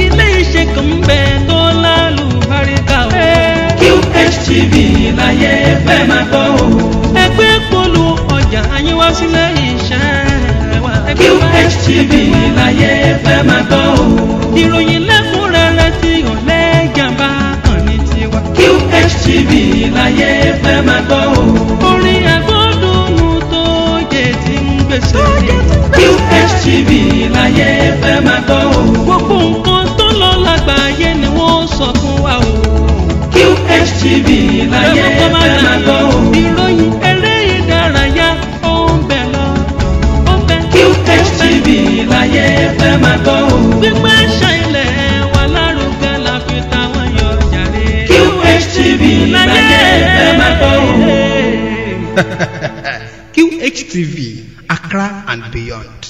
ilé ṣe kàn bẹ tó lálùbáríkà o. QHTV láyé fẹ́ máa gbọ́ o. ẹgbẹ́ polu ọjà àyínwá sílẹ̀ iṣẹ́ wa. QHTV láyé fẹ́ máa gbọ́ o. ìròyìn lẹ́kùnrẹ́rẹ́ tí ọ̀lẹ́ jàmbá kan ní tiwa. QHTV láyé fẹ́ máa gbọ́ o. orin agbódùnú tó jẹ ti ń gbèsè. QHTV láyé fẹ́ máa gbọ́ o. gbogbo nǹkan ló lágbàáyé ni wọ́n sọ fún wa o. QHTV láyé ẹ máa gbọ́ o. ìròyìn eré ìdárayá ó ń bẹ̀ lọ. ó ń bẹ̀. QHTV láyé ẹ máa gbọ́ o. gbígbé ṣe ilẹ̀ wa lárugẹ la fi táwọn yọ jàre. QHTV láyé ẹ máa gbọ́ o. QHTV Accra and beyond.